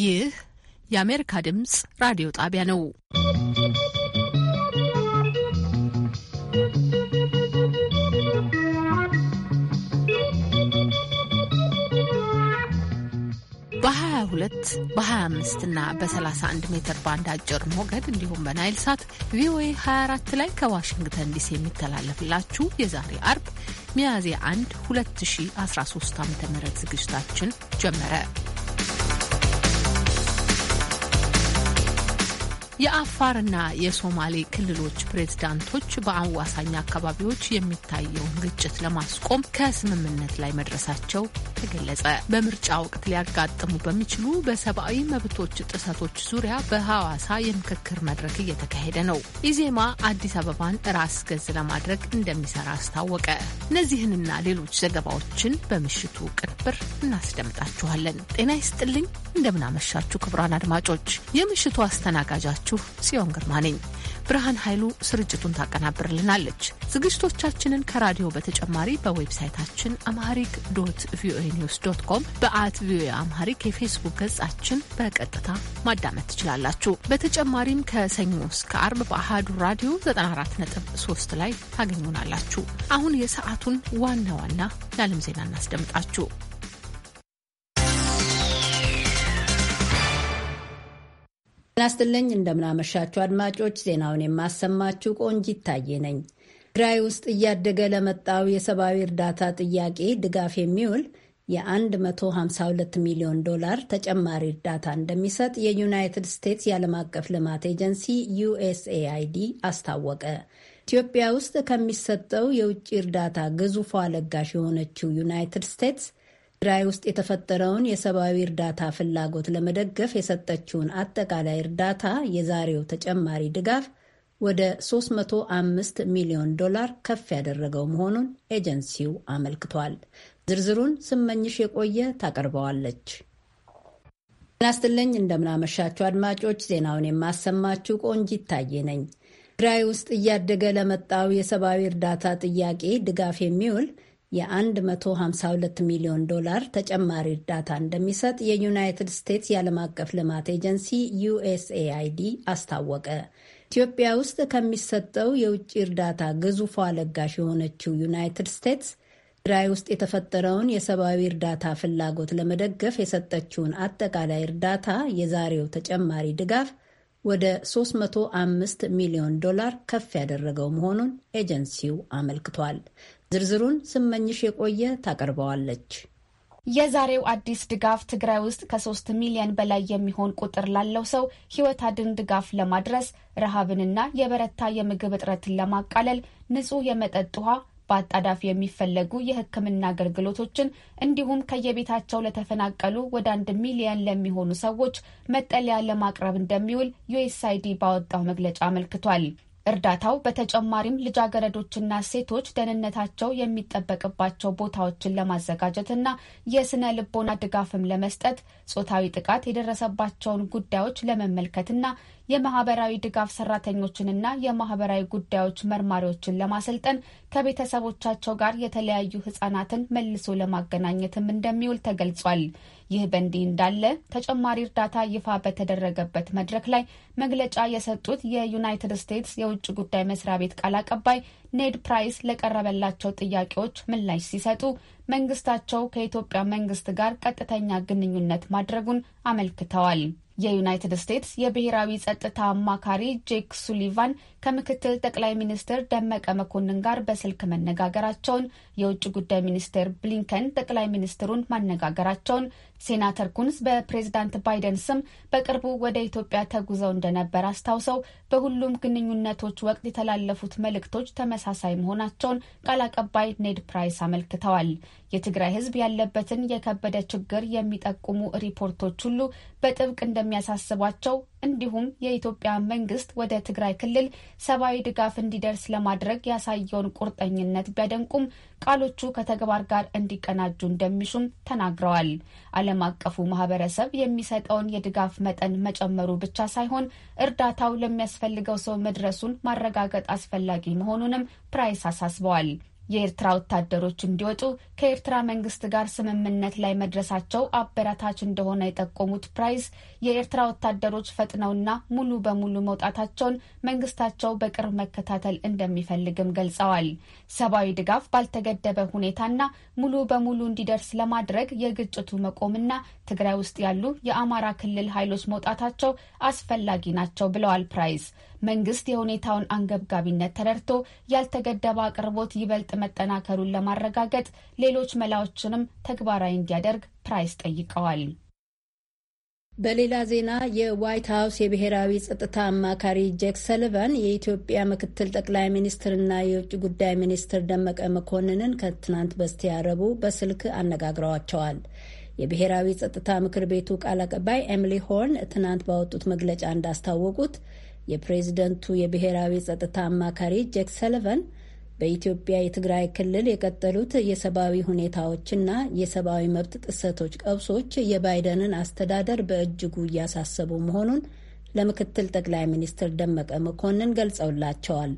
ይህ የአሜሪካ ድምፅ ራዲዮ ጣቢያ ነው። በ22 በ25 እና በ31 ሜትር ባንድ አጭር ሞገድ እንዲሁም በናይል ሳት ቪኦኤ 24 ላይ ከዋሽንግተን ዲሲ የሚተላለፍላችሁ የዛሬ አርብ ሚያዝያ 1 2013 ዓ ም ዝግጅታችን ጀመረ። የአፋርና የሶማሌ ክልሎች ፕሬዝዳንቶች በአዋሳኝ አካባቢዎች የሚታየውን ግጭት ለማስቆም ከስምምነት ላይ መድረሳቸው ተገለጸ። በምርጫ ወቅት ሊያጋጥሙ በሚችሉ በሰብአዊ መብቶች ጥሰቶች ዙሪያ በሐዋሳ የምክክር መድረክ እየተካሄደ ነው። ኢዜማ አዲስ አበባን ራስ ገዝ ለማድረግ እንደሚሰራ አስታወቀ። እነዚህንና ሌሎች ዘገባዎችን በምሽቱ ቅንብር እናስደምጣችኋለን። ጤና ይስጥልኝ። እንደምናመሻችሁ ክቡራን አድማጮች የምሽቱ አስተናጋጃችሁ የምሰናበታችሁ ጽዮን ግርማ ነኝ። ብርሃን ኃይሉ ስርጭቱን ታቀናብርልናለች። ዝግጅቶቻችንን ከራዲዮ በተጨማሪ በዌብሳይታችን አምሃሪክ ዶት ቪኦኤ ኒውስ ዶት ኮም፣ በአት ቪኦኤ አምሃሪክ የፌስቡክ ገጻችን በቀጥታ ማዳመጥ ትችላላችሁ። በተጨማሪም ከሰኞ እስከ አርብ በአህዱ ራዲዮ 94.3 ላይ ታገኙናላችሁ። አሁን የሰዓቱን ዋና ዋና የዓለም ዜና እናስደምጣችሁ። ናስትልኝ እንደምናመሻችሁ አድማጮች፣ ዜናውን የማሰማችሁ ቆንጂ ይታየ ነኝ። ትግራይ ውስጥ እያደገ ለመጣው የሰብአዊ እርዳታ ጥያቄ ድጋፍ የሚውል የ152 ሚሊዮን ዶላር ተጨማሪ እርዳታ እንደሚሰጥ የዩናይትድ ስቴትስ የዓለም አቀፍ ልማት ኤጀንሲ ዩኤስኤአይዲ አስታወቀ። ኢትዮጵያ ውስጥ ከሚሰጠው የውጭ እርዳታ ግዙፏ ለጋሽ የሆነችው ዩናይትድ ስቴትስ ትግራይ ውስጥ የተፈጠረውን የሰብአዊ እርዳታ ፍላጎት ለመደገፍ የሰጠችውን አጠቃላይ እርዳታ የዛሬው ተጨማሪ ድጋፍ ወደ 305 ሚሊዮን ዶላር ከፍ ያደረገው መሆኑን ኤጀንሲው አመልክቷል። ዝርዝሩን ስመኝሽ የቆየ ታቀርበዋለች። ናስትልኝ እንደምናመሻችው እንደምናመሻችሁ አድማጮች፣ ዜናውን የማሰማችሁ ቆንጅ ይታየ ነኝ። ትግራይ ውስጥ እያደገ ለመጣው የሰብአዊ እርዳታ ጥያቄ ድጋፍ የሚውል የ152 ሚሊዮን ዶላር ተጨማሪ እርዳታ እንደሚሰጥ የዩናይትድ ስቴትስ የዓለም አቀፍ ልማት ኤጀንሲ ዩኤስኤአይዲ አስታወቀ። ኢትዮጵያ ውስጥ ከሚሰጠው የውጭ እርዳታ ግዙፏ ለጋሽ የሆነችው ዩናይትድ ስቴትስ ትግራይ ውስጥ የተፈጠረውን የሰብአዊ እርዳታ ፍላጎት ለመደገፍ የሰጠችውን አጠቃላይ እርዳታ የዛሬው ተጨማሪ ድጋፍ ወደ 305 ሚሊዮን ዶላር ከፍ ያደረገው መሆኑን ኤጀንሲው አመልክቷል። ዝርዝሩን ስመኝሽ የቆየ ታቀርበዋለች። የዛሬው አዲስ ድጋፍ ትግራይ ውስጥ ከሶስት ሚሊዮን በላይ የሚሆን ቁጥር ላለው ሰው ህይወት አድን ድጋፍ ለማድረስ ረሃብንና የበረታ የምግብ እጥረትን ለማቃለል ንጹህ የመጠጥ ውሃ በአጣዳፊ የሚፈለጉ የሕክምና አገልግሎቶችን እንዲሁም ከየቤታቸው ለተፈናቀሉ ወደ አንድ ሚሊየን ለሚሆኑ ሰዎች መጠለያ ለማቅረብ እንደሚውል ዩኤስአይዲ ባወጣው መግለጫ አመልክቷል። እርዳታው በተጨማሪም ልጃገረዶችና ሴቶች ደህንነታቸው የሚጠበቅባቸው ቦታዎችን ለማዘጋጀትና የስነ ልቦና ድጋፍም ለመስጠት ጾታዊ ጥቃት የደረሰባቸውን ጉዳዮች ለመመልከትና የማህበራዊ ድጋፍ ሰራተኞችንና የማህበራዊ ጉዳዮች መርማሪዎችን ለማሰልጠን ከቤተሰቦቻቸው ጋር የተለያዩ ህጻናትን መልሶ ለማገናኘትም እንደሚውል ተገልጿል። ይህ በእንዲህ እንዳለ ተጨማሪ እርዳታ ይፋ በተደረገበት መድረክ ላይ መግለጫ የሰጡት የዩናይትድ ስቴትስ የውጭ ጉዳይ መስሪያ ቤት ቃል አቀባይ ኔድ ፕራይስ ለቀረበላቸው ጥያቄዎች ምላሽ ሲሰጡ መንግስታቸው ከኢትዮጵያ መንግስት ጋር ቀጥተኛ ግንኙነት ማድረጉን አመልክተዋል። የዩናይትድ ስቴትስ የብሔራዊ ጸጥታ አማካሪ ጄክ ሱሊቫን ከምክትል ጠቅላይ ሚኒስትር ደመቀ መኮንን ጋር በስልክ መነጋገራቸውን የውጭ ጉዳይ ሚኒስቴር ብሊንከን ጠቅላይ ሚኒስትሩን ማነጋገራቸውን ሴናተር ኩንስ በፕሬዝዳንት ባይደን ስም በቅርቡ ወደ ኢትዮጵያ ተጉዘው እንደነበር አስታውሰው በሁሉም ግንኙነቶች ወቅት የተላለፉት መልእክቶች ተመሳሳይ መሆናቸውን ቃል አቀባይ ኔድ ፕራይስ አመልክተዋል። የትግራይ ሕዝብ ያለበትን የከበደ ችግር የሚጠቁሙ ሪፖርቶች ሁሉ በጥብቅ እንደሚያሳስቧቸው እንዲሁም የኢትዮጵያ መንግስት ወደ ትግራይ ክልል ሰብአዊ ድጋፍ እንዲደርስ ለማድረግ ያሳየውን ቁርጠኝነት ቢያደንቁም ቃሎቹ ከተግባር ጋር እንዲቀናጁ እንደሚሹም ተናግረዋል። ዓለም አቀፉ ማህበረሰብ የሚሰጠውን የድጋፍ መጠን መጨመሩ ብቻ ሳይሆን እርዳታው ለሚያስፈልገው ሰው መድረሱን ማረጋገጥ አስፈላጊ መሆኑንም ፕራይስ አሳስበዋል። የኤርትራ ወታደሮች እንዲወጡ ከኤርትራ መንግስት ጋር ስምምነት ላይ መድረሳቸው አበረታች እንደሆነ የጠቆሙት ፕራይስ የኤርትራ ወታደሮች ፈጥነውና ሙሉ በሙሉ መውጣታቸውን መንግስታቸው በቅርብ መከታተል እንደሚፈልግም ገልጸዋል። ሰብአዊ ድጋፍ ባልተገደበ ሁኔታና ሙሉ በሙሉ እንዲደርስ ለማድረግ የግጭቱ መቆምና ትግራይ ውስጥ ያሉ የአማራ ክልል ኃይሎች መውጣታቸው አስፈላጊ ናቸው ብለዋል ፕራይስ። መንግስት የሁኔታውን አንገብጋቢነት ተረድቶ ያልተገደበ አቅርቦት ይበልጥ መጠናከሩን ለማረጋገጥ ሌሎች መላዎችንም ተግባራዊ እንዲያደርግ ፕራይስ ጠይቀዋል። በሌላ ዜና የዋይት ሀውስ የብሔራዊ ጸጥታ አማካሪ ጄክ ሰሊቫን የኢትዮጵያ ምክትል ጠቅላይ ሚኒስትርና የውጭ ጉዳይ ሚኒስትር ደመቀ መኮንንን ከትናንት በስቲያ ረቡዕ በስልክ አነጋግረዋቸዋል። የብሔራዊ ጸጥታ ምክር ቤቱ ቃል አቀባይ ኤምሊ ሆርን ትናንት ባወጡት መግለጫ እንዳስታወቁት የፕሬዝደንቱ የብሔራዊ ጸጥታ አማካሪ ጄክ ሰለቫን በኢትዮጵያ የትግራይ ክልል የቀጠሉት የሰብአዊ ሁኔታዎችና የሰብአዊ መብት ጥሰቶች ቀውሶች የባይደንን አስተዳደር በእጅጉ እያሳሰቡ መሆኑን ለምክትል ጠቅላይ ሚኒስትር ደመቀ መኮንን ገልጸውላቸዋል።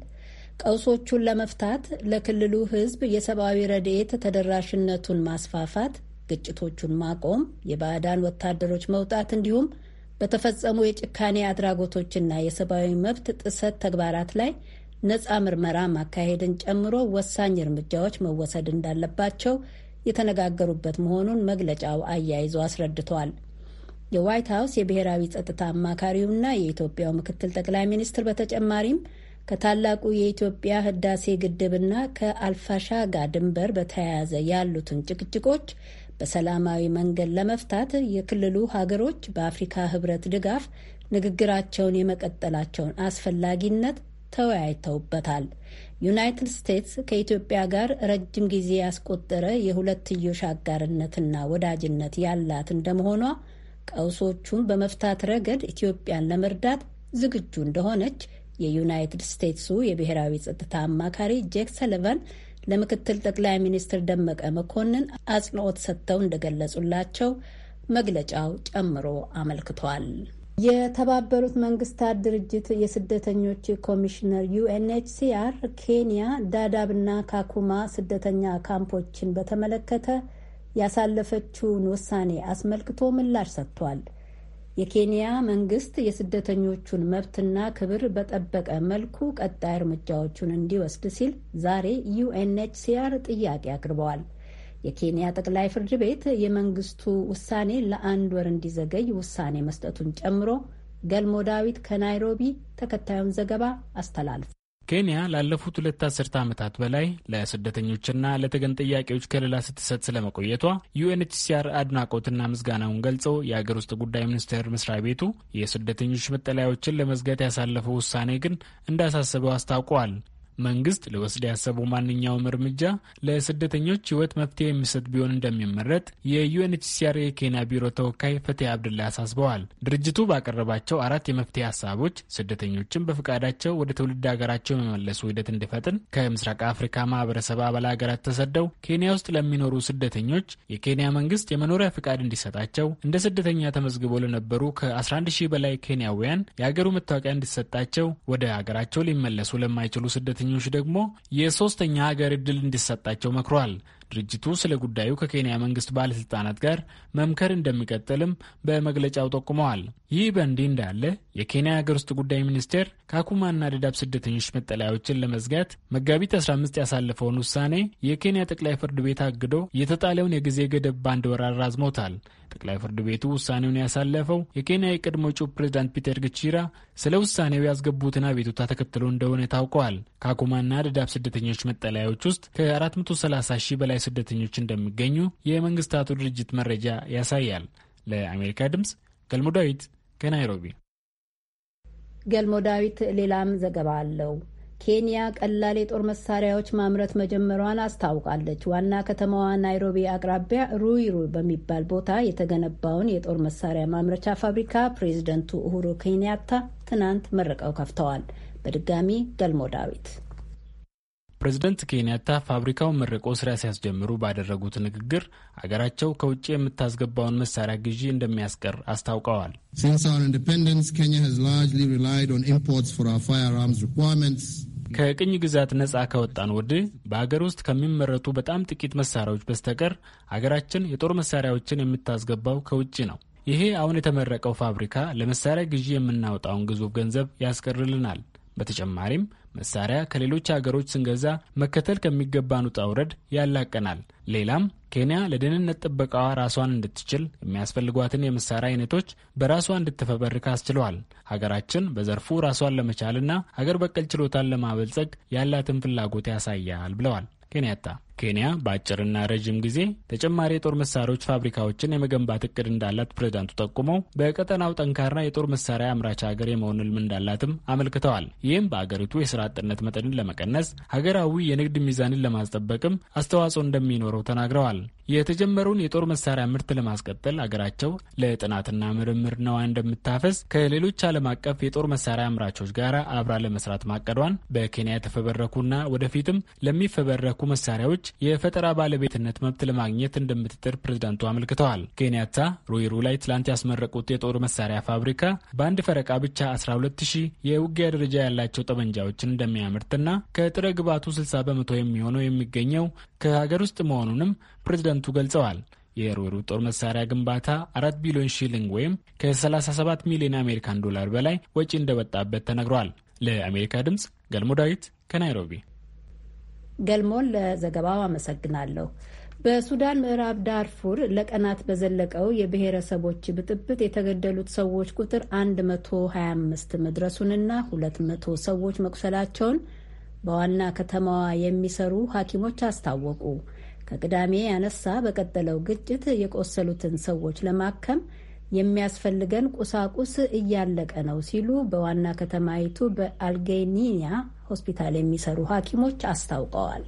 ቀውሶቹን ለመፍታት ለክልሉ ሕዝብ የሰብአዊ ረድኤት ተደራሽነቱን ማስፋፋት፣ ግጭቶቹን ማቆም፣ የባዕዳን ወታደሮች መውጣት እንዲሁም በተፈጸሙ የጭካኔ አድራጎቶችና የሰብአዊ መብት ጥሰት ተግባራት ላይ ነጻ ምርመራ ማካሄድን ጨምሮ ወሳኝ እርምጃዎች መወሰድ እንዳለባቸው የተነጋገሩበት መሆኑን መግለጫው አያይዞ አስረድቷል። የዋይት ሀውስ የብሔራዊ ጸጥታ አማካሪውና የኢትዮጵያው ምክትል ጠቅላይ ሚኒስትር በተጨማሪም ከታላቁ የኢትዮጵያ ህዳሴ ግድብና ከአልፋሻጋ ድንበር በተያያዘ ያሉትን ጭቅጭቆች በሰላማዊ መንገድ ለመፍታት የክልሉ ሀገሮች በአፍሪካ ህብረት ድጋፍ ንግግራቸውን የመቀጠላቸውን አስፈላጊነት ተወያይተውበታል። ዩናይትድ ስቴትስ ከኢትዮጵያ ጋር ረጅም ጊዜ ያስቆጠረ የሁለትዮሽ አጋርነትና ወዳጅነት ያላት እንደመሆኗ ቀውሶቹን በመፍታት ረገድ ኢትዮጵያን ለመርዳት ዝግጁ እንደሆነች የዩናይትድ ስቴትሱ የብሔራዊ ጸጥታ አማካሪ ጄክ ሰለቫን ለምክትል ጠቅላይ ሚኒስትር ደመቀ መኮንን አጽንኦት ሰጥተው እንደገለጹላቸው መግለጫው ጨምሮ አመልክቷል። የተባበሩት መንግስታት ድርጅት የስደተኞች ኮሚሽነር ዩኤንኤችሲአር ኬንያ ዳዳብና ካኩማ ስደተኛ ካምፖችን በተመለከተ ያሳለፈችውን ውሳኔ አስመልክቶ ምላሽ ሰጥቷል። የኬንያ መንግስት የስደተኞቹን መብትና ክብር በጠበቀ መልኩ ቀጣይ እርምጃዎቹን እንዲወስድ ሲል ዛሬ ዩኤንኤችሲአር ጥያቄ አቅርበዋል። የኬንያ ጠቅላይ ፍርድ ቤት የመንግስቱ ውሳኔ ለአንድ ወር እንዲዘገይ ውሳኔ መስጠቱን ጨምሮ ገልሞ ዳዊት ከናይሮቢ ተከታዩን ዘገባ አስተላልፏል። ኬንያ ላለፉት ሁለት አስርተ ዓመታት በላይ ለስደተኞችና ለተገን ጥያቄዎች ከለላ ስትሰጥ ስለመቆየቷ ዩኤንኤችሲአር አድናቆትና ምስጋናውን ገልጾ የአገር ውስጥ ጉዳይ ሚኒስቴር መስሪያ ቤቱ የስደተኞች መጠለያዎችን ለመዝጋት ያሳለፈው ውሳኔ ግን እንዳሳሰበው አስታውቋል። መንግስት ለወስድ ያሰበው ማንኛውም እርምጃ ለስደተኞች ህይወት መፍትሄ የሚሰጥ ቢሆን እንደሚመረጥ የዩኤንኤችሲአር የኬንያ ቢሮ ተወካይ ፈቴ አብድላ አሳስበዋል። ድርጅቱ ባቀረባቸው አራት የመፍትሄ ሀሳቦች ስደተኞችን በፈቃዳቸው ወደ ትውልድ ሀገራቸው የመመለሱ ሂደት እንዲፈጥን ከምስራቅ አፍሪካ ማህበረሰብ አባል ሀገራት ተሰደው ኬንያ ውስጥ ለሚኖሩ ስደተኞች የኬንያ መንግስት የመኖሪያ ፍቃድ እንዲሰጣቸው፣ እንደ ስደተኛ ተመዝግበው ለነበሩ ከ11 ሺህ በላይ ኬንያውያን የአገሩ መታወቂያ እንዲሰጣቸው፣ ወደ ሀገራቸው ሊመለሱ ለማይችሉ ስደተኞች ሰራተኞች ደግሞ የሶስተኛ ሀገር እድል እንዲሰጣቸው መክሯል። ድርጅቱ ስለ ጉዳዩ ከኬንያ መንግስት ባለስልጣናት ጋር መምከር እንደሚቀጥልም በመግለጫው ጠቁመዋል። ይህ በእንዲህ እንዳለ የኬንያ ሀገር ውስጥ ጉዳይ ሚኒስቴር ካኩማና ደዳብ ስደተኞች መጠለያዎችን ለመዝጋት መጋቢት 15 ያሳለፈውን ውሳኔ የኬንያ ጠቅላይ ፍርድ ቤት አግዶ የተጣለውን የጊዜ ገደብ በአንድ ወር አራዝሞታል። ጠቅላይ ፍርድ ቤቱ ውሳኔውን ያሳለፈው የኬንያ የቀድሞ እጩ ፕሬዚዳንት ፒተር ግቺራ ስለ ውሳኔው ያስገቡትን አቤቱታ ተከትሎ እንደሆነ ታውቀዋል። ካኩማና ደዳብ ስደተኞች መጠለያዎች ውስጥ ከ430 ሺህ በላይ ስደተኞች እንደሚገኙ የመንግስታቱ ድርጅት መረጃ ያሳያል። ለአሜሪካ ድምፅ ገልሞ ዳዊት ከናይሮቢ። ገልሞ ዳዊት ሌላም ዘገባ አለው። ኬንያ ቀላል የጦር መሳሪያዎች ማምረት መጀመሯን አስታውቃለች። ዋና ከተማዋ ናይሮቢ አቅራቢያ ሩይሩ በሚባል ቦታ የተገነባውን የጦር መሳሪያ ማምረቻ ፋብሪካ ፕሬዚደንቱ ኡሁሩ ኬንያታ ትናንት መርቀው ከፍተዋል። በድጋሚ ገልሞ ዳዊት ፕሬዝደንት ኬንያታ ፋብሪካውን መርቆ ስራ ሲያስጀምሩ ባደረጉት ንግግር አገራቸው ከውጭ የምታስገባውን መሳሪያ ግዢ እንደሚያስቀር አስታውቀዋል። ከቅኝ ግዛት ነጻ ከወጣን ወዲህ በሀገር ውስጥ ከሚመረቱ በጣም ጥቂት መሳሪያዎች በስተቀር አገራችን የጦር መሳሪያዎችን የምታስገባው ከውጭ ነው። ይሄ አሁን የተመረቀው ፋብሪካ ለመሳሪያ ግዢ የምናወጣውን ግዙፍ ገንዘብ ያስቀርልናል። በተጨማሪም መሳሪያ ከሌሎች ሀገሮች ስንገዛ መከተል ከሚገባን ውጣ ውረድ ያላቀናል። ሌላም ኬንያ ለደህንነት ጥበቃዋ ራሷን እንድትችል የሚያስፈልጓትን የመሳሪያ አይነቶች በራሷ እንድትፈበርክ አስችለዋል። ሀገራችን በዘርፉ ራሷን ለመቻልና ሀገር በቀል ችሎታን ለማበልጸግ ያላትን ፍላጎት ያሳያል ብለዋል ኬንያታ። ኬንያ በአጭርና ረዥም ጊዜ ተጨማሪ የጦር መሳሪያዎች ፋብሪካዎችን የመገንባት እቅድ እንዳላት ፕሬዚዳንቱ ጠቁመው በቀጠናው ጠንካራ የጦር መሳሪያ አምራች ሀገር የመሆን ህልም እንዳላትም አመልክተዋል። ይህም በአገሪቱ የስራ አጥነት መጠንን ለመቀነስ፣ ሀገራዊ የንግድ ሚዛንን ለማስጠበቅም አስተዋጽኦ እንደሚኖረው ተናግረዋል። የተጀመረውን የጦር መሳሪያ ምርት ለማስቀጠል አገራቸው ለጥናትና ምርምር ነዋ እንደምታፈስ ከሌሎች ዓለም አቀፍ የጦር መሳሪያ አምራቾች ጋር አብራ ለመስራት ማቀዷን በኬንያ የተፈበረኩና ወደፊትም ለሚፈበረኩ መሳሪያዎች ዜጎች የፈጠራ ባለቤትነት መብት ለማግኘት እንደምትጥር ፕሬዝዳንቱ አመልክተዋል። ኬንያታ ሩይሩ ላይ ትላንት ያስመረቁት የጦር መሳሪያ ፋብሪካ በአንድ ፈረቃ ብቻ 120ህ የውጊያ ደረጃ ያላቸው ጠመንጃዎችን እንደሚያመርትና ከጥረ ግባቱ 60 በመቶ የሚሆነው የሚገኘው ከሀገር ውስጥ መሆኑንም ፕሬዝዳንቱ ገልጸዋል። የሩሩ ጦር መሳሪያ ግንባታ አራት ቢሊዮን ሺሊንግ ወይም ከ37 ሚሊዮን አሜሪካን ዶላር በላይ ወጪ እንደወጣበት ተነግሯል። ለአሜሪካ ድምፅ ገልሞ ዳዊት ከናይሮቢ ገልሞን ለዘገባው አመሰግናለሁ። በሱዳን ምዕራብ ዳርፉር ለቀናት በዘለቀው የብሔረሰቦች ብጥብጥ የተገደሉት ሰዎች ቁጥር 125 መድረሱንና 200 ሰዎች መቁሰላቸውን በዋና ከተማዋ የሚሰሩ ሐኪሞች አስታወቁ። ከቅዳሜ ያነሳ በቀጠለው ግጭት የቆሰሉትን ሰዎች ለማከም የሚያስፈልገን ቁሳቁስ እያለቀ ነው ሲሉ በዋና ከተማይቱ በአልጌኒያ ሆስፒታል የሚሰሩ ሐኪሞች አስታውቀዋል።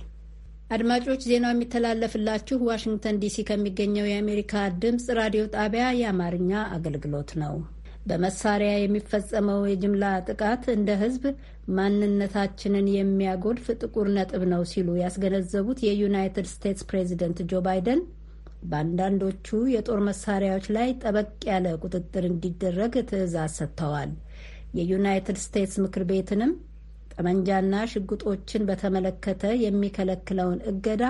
አድማጮች ዜናው የሚተላለፍላችሁ ዋሽንግተን ዲሲ ከሚገኘው የአሜሪካ ድምፅ ራዲዮ ጣቢያ የአማርኛ አገልግሎት ነው። በመሳሪያ የሚፈጸመው የጅምላ ጥቃት እንደ ሕዝብ ማንነታችንን የሚያጎድፍ ጥቁር ነጥብ ነው ሲሉ ያስገነዘቡት የዩናይትድ ስቴትስ ፕሬዚደንት ጆ ባይደን በአንዳንዶቹ የጦር መሳሪያዎች ላይ ጠበቅ ያለ ቁጥጥር እንዲደረግ ትዕዛዝ ሰጥተዋል። የዩናይትድ ስቴትስ ምክር ቤትንም ጠመንጃና ሽጉጦችን በተመለከተ የሚከለክለውን እገዳ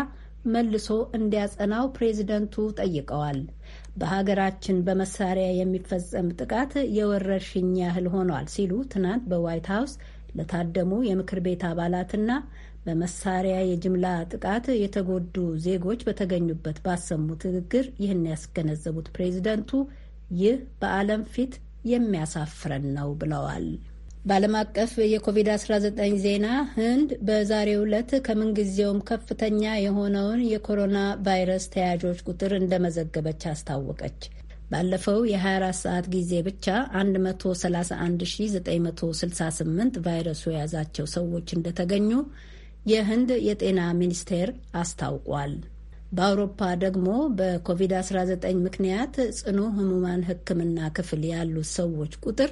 መልሶ እንዲያጸናው ፕሬዚደንቱ ጠይቀዋል። በሀገራችን በመሳሪያ የሚፈጸም ጥቃት የወረርሽኝ ያህል ሆኗል ሲሉ ትናንት በዋይት ሀውስ ለታደሙ የምክር ቤት አባላትና በመሳሪያ የጅምላ ጥቃት የተጎዱ ዜጎች በተገኙበት ባሰሙ ንግግር ይህን ያስገነዘቡት ፕሬዚደንቱ ይህ በዓለም ፊት የሚያሳፍረን ነው ብለዋል። በዓለም አቀፍ የኮቪድ-19 ዜና ህንድ በዛሬው ዕለት ከምንጊዜውም ከፍተኛ የሆነውን የኮሮና ቫይረስ ተያዦች ቁጥር እንደመዘገበች አስታወቀች። ባለፈው የ24 ሰዓት ጊዜ ብቻ 131968 ቫይረሱ የያዛቸው ሰዎች እንደተገኙ የህንድ የጤና ሚኒስቴር አስታውቋል። በአውሮፓ ደግሞ በኮቪድ-19 ምክንያት ጽኑ ህሙማን ሕክምና ክፍል ያሉት ሰዎች ቁጥር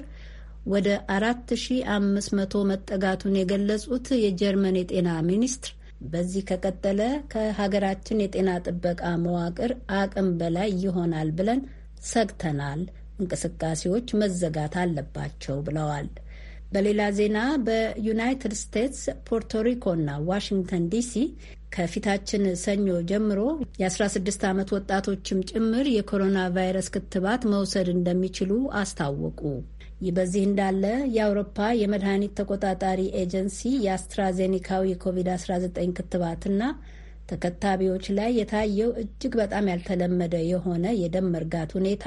ወደ 4500 መጠጋቱን የገለጹት የጀርመን የጤና ሚኒስትር በዚህ ከቀጠለ ከሀገራችን የጤና ጥበቃ መዋቅር አቅም በላይ ይሆናል ብለን ሰግተናል፣ እንቅስቃሴዎች መዘጋት አለባቸው ብለዋል። በሌላ ዜና በዩናይትድ ስቴትስ ፖርቶሪኮና ዋሽንግተን ዲሲ ከፊታችን ሰኞ ጀምሮ የ16 ዓመት ወጣቶችም ጭምር የኮሮና ቫይረስ ክትባት መውሰድ እንደሚችሉ አስታወቁ። ይህ በዚህ እንዳለ የአውሮፓ የመድኃኒት ተቆጣጣሪ ኤጀንሲ የአስትራዜኒካው የኮቪድ-19 ክትባትና ተከታቢዎች ላይ የታየው እጅግ በጣም ያልተለመደ የሆነ የደም መርጋት ሁኔታ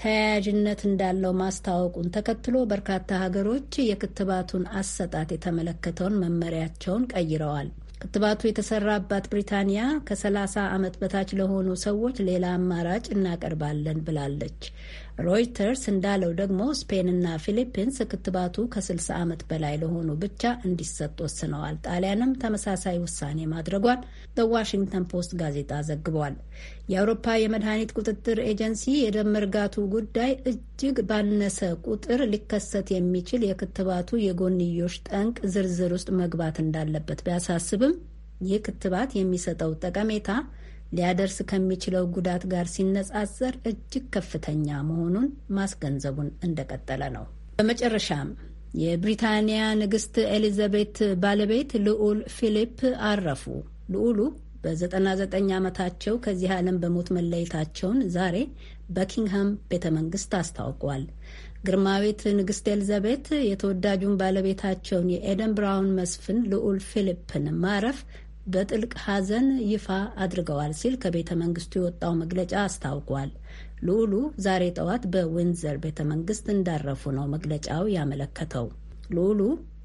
ተያያዥነት እንዳለው ማስታወቁን ተከትሎ በርካታ ሀገሮች የክትባቱን አሰጣት የተመለከተውን መመሪያቸውን ቀይረዋል። ክትባቱ የተሰራባት ብሪታንያ ከ30 ዓመት በታች ለሆኑ ሰዎች ሌላ አማራጭ እናቀርባለን ብላለች። ሮይተርስ እንዳለው ደግሞ ስፔንና ፊሊፒንስ ክትባቱ ከ60 ዓመት በላይ ለሆኑ ብቻ እንዲሰጥ ወስነዋል። ጣሊያንም ተመሳሳይ ውሳኔ ማድረጓን ዘ ዋሽንግተን ፖስት ጋዜጣ ዘግቧል። የአውሮፓ የመድኃኒት ቁጥጥር ኤጀንሲ የደም እርጋቱ ጉዳይ እጅግ ባነሰ ቁጥር ሊከሰት የሚችል የክትባቱ የጎንዮሽ ጠንቅ ዝርዝር ውስጥ መግባት እንዳለበት ቢያሳስብም ይህ ክትባት የሚሰጠው ጠቀሜታ ሊያደርስ ከሚችለው ጉዳት ጋር ሲነጻጸር እጅግ ከፍተኛ መሆኑን ማስገንዘቡን እንደቀጠለ ነው። በመጨረሻም የብሪታንያ ንግስት ኤሊዛቤት ባለቤት ልዑል ፊሊፕ አረፉ። ልዑሉ በ99 ዓመታቸው ከዚህ ዓለም በሞት መለየታቸውን ዛሬ በኪንግሃም ቤተ መንግስት አስታውቋል። ግርማዊት ንግስት ኤልዛቤት የተወዳጁን ባለቤታቸውን የኤደን ብራውን መስፍን ልዑል ፊሊፕን ማረፍ በጥልቅ ሐዘን ይፋ አድርገዋል ሲል ከቤተ መንግስቱ የወጣው መግለጫ አስታውቋል። ልዑሉ ዛሬ ጠዋት በዊንዘር ቤተ መንግስት እንዳረፉ ነው መግለጫው ያመለከተው። ልዑሉ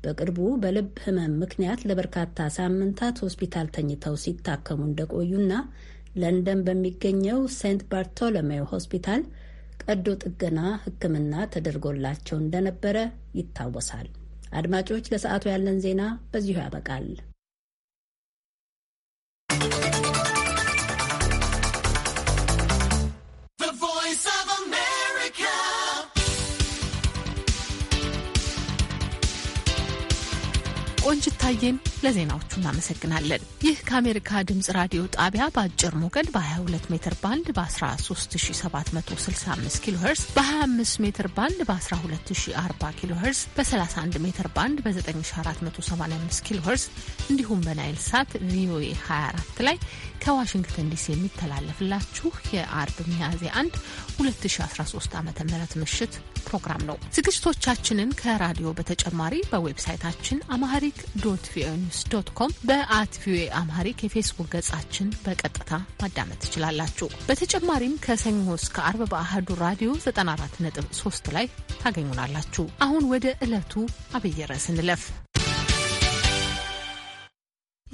በቅርቡ በልብ ህመም ምክንያት ለበርካታ ሳምንታት ሆስፒታል ተኝተው ሲታከሙ እንደቆዩና ለንደን በሚገኘው ሴንት ባርቶሎሜው ሆስፒታል ቀዶ ጥገና ሕክምና ተደርጎላቸው እንደነበረ ይታወሳል። አድማጮች፣ ለሰዓቱ ያለን ዜና በዚሁ ያበቃል። ቆንጅታየን ለዜናዎቹ እናመሰግናለን። ይህ ከአሜሪካ ድምጽ ራዲዮ ጣቢያ በአጭር ሞገድ በ22 ሜትር ባንድ በ13765 ኪሎ ሄርስ በ25 ሜትር ባንድ በ1240 ኪሎ ሄርስ በ31 ሜትር ባንድ በ9485 ኪሎ ሄርስ እንዲሁም በናይል ሳት ቪኦኤ 24 ላይ ከዋሽንግተን ዲሲ የሚተላለፍላችሁ የአርብ ሚያዝያ 1 2013 ዓ ም ምሽት ፕሮግራም ነው። ዝግጅቶቻችንን ከራዲዮ በተጨማሪ በዌብሳይታችን አማሪክ ዶት ቪኦኤ ኒውስ ዶት ኮም በአት ቪኦኤ አማሪክ የፌስቡክ ገጻችን በቀጥታ ማዳመጥ ትችላላችሁ። በተጨማሪም ከሰኞ እስከ አርብ በአህዱ ራዲዮ 94.3 ላይ ታገኙናላችሁ። አሁን ወደ ዕለቱ አብይ ርዕስ እንለፍ።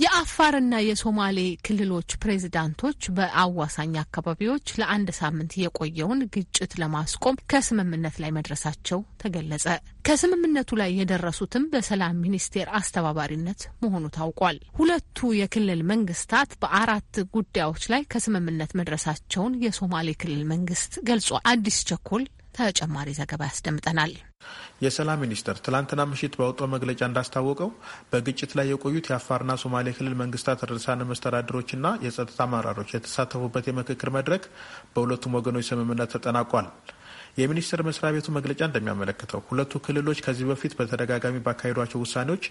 የአፋርና የሶማሌ ክልሎች ፕሬዚዳንቶች በአዋሳኝ አካባቢዎች ለአንድ ሳምንት የቆየውን ግጭት ለማስቆም ከስምምነት ላይ መድረሳቸው ተገለጸ። ከስምምነቱ ላይ የደረሱትም በሰላም ሚኒስቴር አስተባባሪነት መሆኑ ታውቋል። ሁለቱ የክልል መንግስታት በአራት ጉዳዮች ላይ ከስምምነት መድረሳቸውን የሶማሌ ክልል መንግስት ገልጿል። አዲስ ቸኮል ተጨማሪ ዘገባ ያስደምጠናል። የሰላም ሚኒስቴር ትላንትና ምሽት ባወጣው መግለጫ እንዳስታወቀው በግጭት ላይ የቆዩት የአፋርና ሶማሌ ክልል መንግስታት ርዕሳነ መስተዳድሮችና የጸጥታ አመራሮች የተሳተፉበት የምክክር መድረክ በሁለቱም ወገኖች ስምምነት ተጠናቋል። የሚኒስቴር መስሪያ ቤቱ መግለጫ እንደሚያመለክተው ሁለቱ ክልሎች ከዚህ በፊት በተደጋጋሚ ባካሄዷቸው ውሳኔዎች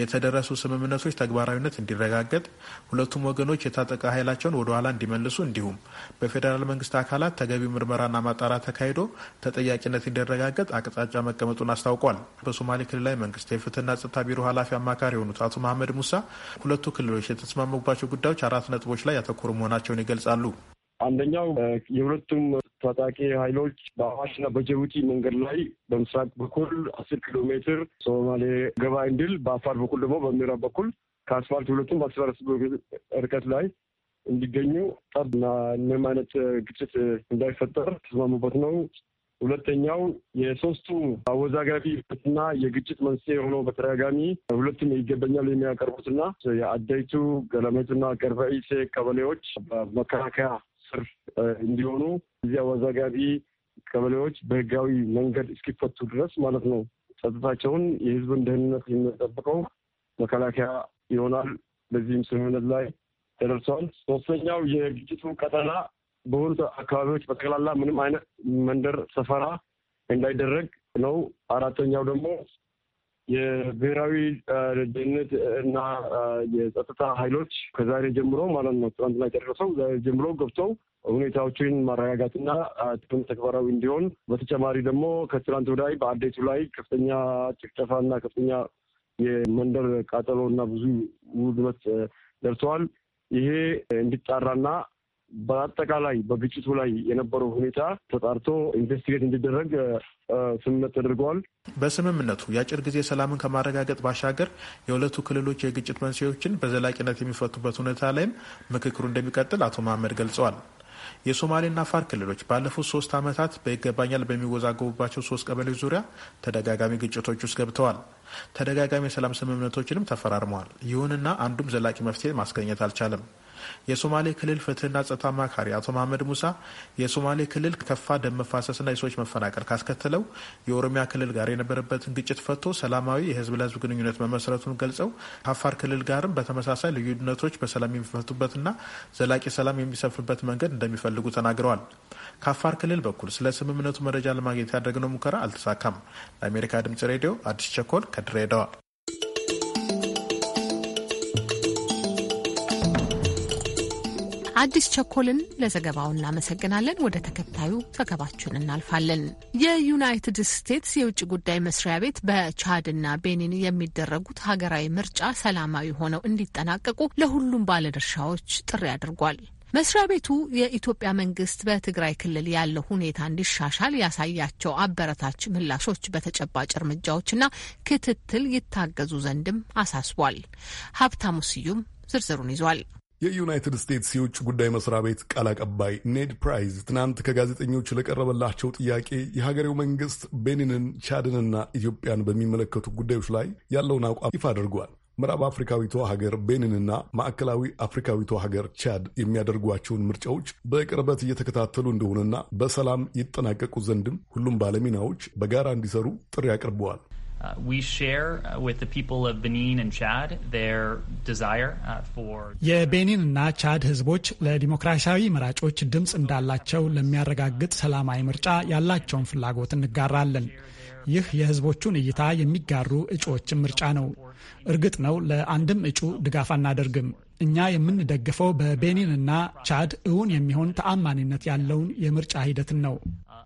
የተደረሱ ስምምነቶች ተግባራዊነት እንዲረጋገጥ፣ ሁለቱም ወገኖች የታጠቀ ኃይላቸውን ወደ ኋላ እንዲመልሱ፣ እንዲሁም በፌዴራል መንግስት አካላት ተገቢው ምርመራና ማጣራት ተካሂዶ ተጠያቂነት እንዲረጋገጥ አቅጣጫ መቀመጡን አስታውቋል። በሶማሌ ክልላዊ መንግስት የፍትህና ጸጥታ ቢሮ ኃላፊ አማካሪ የሆኑት አቶ መሀመድ ሙሳ ሁለቱ ክልሎች የተስማሙባቸው ጉዳዮች አራት ነጥቦች ላይ ያተኮሩ መሆናቸውን ይገልጻሉ። አንደኛው የሁለቱም ታጣቂ ኃይሎች በአዋሽና በጅቡቲ መንገድ ላይ በምስራቅ በኩል አስር ኪሎ ሜትር ሶማሌ ገባ እንድል በአፋር በኩል ደግሞ በምዕራብ በኩል ከአስፋልት ሁለቱም በአስራ አራት ርቀት ላይ እንዲገኙ ጠብና ምንም አይነት ግጭት እንዳይፈጠር ተስማሙበት ነው። ሁለተኛው የሶስቱ አወዛጋቢ እና የግጭት መንስኤ ሆኖ በተደጋጋሚ ሁለቱም ይገባኛል የሚያቀርቡትና የአዳይቱ ገለመቱና ገርበኢሴ ቀበሌዎች በመከላከያ ቁጥጥር እንዲሆኑ እዚያ አወዛጋቢ ቀበሌዎች በህጋዊ መንገድ እስኪፈቱ ድረስ ማለት ነው ጸጥታቸውን የህዝብን ደህንነት የሚጠብቀው መከላከያ ይሆናል። በዚህም ስምምነት ላይ ተደርሰዋል። ሶስተኛው የግጭቱ ቀጠና በሁሉት አካባቢዎች በቀላላ ምንም አይነት መንደር ሰፈራ እንዳይደረግ ነው። አራተኛው ደግሞ የብሔራዊ ደህንነት እና የጸጥታ ኃይሎች ከዛሬ ጀምሮ ማለት ነው ትናንትና ጨርሰው ዛሬ ጀምሮ ገብተው ሁኔታዎችን ማረጋጋትና ተግባራዊ እንዲሆን፣ በተጨማሪ ደግሞ ከትናንት ወዲያ በአዴቱ ላይ ከፍተኛ ጭፍጨፋ ጭፍጨፋና ከፍተኛ የመንደር ቃጠሎ እና ብዙ ውድመት ደርሰዋል። ይሄ እንዲጣራና በአጠቃላይ በግጭቱ ላይ የነበረው ሁኔታ ተጣርቶ ኢንቨስቲጌት እንዲደረግ ስምምነት ተደርገዋል። በስምምነቱ የአጭር ጊዜ ሰላምን ከማረጋገጥ ባሻገር የሁለቱ ክልሎች የግጭት መንስኤዎችን በዘላቂነት የሚፈቱበት ሁኔታ ላይም ምክክሩ እንደሚቀጥል አቶ መሀመድ ገልጸዋል። የሶማሌና አፋር ክልሎች ባለፉት ሶስት ዓመታት በይገባኛል በሚወዛገቡባቸው ሶስት ቀበሌዎች ዙሪያ ተደጋጋሚ ግጭቶች ውስጥ ገብተዋል። ተደጋጋሚ የሰላም ስምምነቶችንም ተፈራርመዋል። ይሁንና አንዱም ዘላቂ መፍትሄ ማስገኘት አልቻለም። የሶማሌ ክልል ፍትህና ጸጥታ አማካሪ አቶ መሀመድ ሙሳ የሶማሌ ክልል ከፋ ደም መፋሰስና የሰዎች መፈናቀል ካስከተለው የኦሮሚያ ክልል ጋር የነበረበትን ግጭት ፈቶ ሰላማዊ የህዝብ ለህዝብ ግንኙነት መመስረቱን ገልጸው ከአፋር ክልል ጋርም በተመሳሳይ ልዩነቶች በሰላም የሚፈቱበትና ዘላቂ ሰላም የሚሰፍንበት መንገድ እንደሚፈልጉ ተናግረዋል። ከአፋር ክልል በኩል ስለ ስምምነቱ መረጃ ለማግኘት ያደረግነው ሙከራ አልተሳካም። ለአሜሪካ ድምጽ ሬዲዮ አዲስ ቸኮል ከድሬዳዋ አዲስ ቸኮልን ለዘገባው እናመሰግናለን። ወደ ተከታዩ ዘገባችን እናልፋለን። የዩናይትድ ስቴትስ የውጭ ጉዳይ መስሪያ ቤት በቻድና ቤኒን የሚደረጉት ሀገራዊ ምርጫ ሰላማዊ ሆነው እንዲጠናቀቁ ለሁሉም ባለድርሻዎች ጥሪ አድርጓል። መስሪያ ቤቱ የኢትዮጵያ መንግስት በትግራይ ክልል ያለው ሁኔታ እንዲሻሻል ያሳያቸው አበረታች ምላሾች በተጨባጭ እርምጃዎችና ክትትል ይታገዙ ዘንድም አሳስቧል። ሀብታሙ ስዩም ዝርዝሩን ይዟል። የዩናይትድ ስቴትስ የውጭ ጉዳይ መስሪያ ቤት ቃል አቀባይ ኔድ ፕራይዝ ትናንት ከጋዜጠኞች ለቀረበላቸው ጥያቄ የሀገሬው መንግስት ቤኒንን፣ ቻድንና ኢትዮጵያን በሚመለከቱ ጉዳዮች ላይ ያለውን አቋም ይፋ አድርጓል። ምዕራብ አፍሪካዊቷ ሀገር ቤኒንና ማዕከላዊ አፍሪካዊቷ ሀገር ቻድ የሚያደርጓቸውን ምርጫዎች በቅርበት እየተከታተሉ እንደሆነና በሰላም ይጠናቀቁ ዘንድም ሁሉም ባለሚናዎች በጋራ እንዲሰሩ ጥሪ አቅርበዋል። Uh, uh, uh, የቤኒንና ቻድ ህዝቦች ለዲሞክራሲያዊ መራጮች ድምፅ እንዳላቸው ለሚያረጋግጥ ሰላማዊ ምርጫ ያላቸውን ፍላጎት እንጋራለን። ይህ የህዝቦቹን እይታ የሚጋሩ እጩዎችን ምርጫ ነው። እርግጥ ነው ለአንድም እጩ ድጋፍ አናደርግም። እኛ የምንደግፈው በቤኒንና ቻድ እውን የሚሆን ተአማኒነት ያለውን የምርጫ ሂደትን ነው።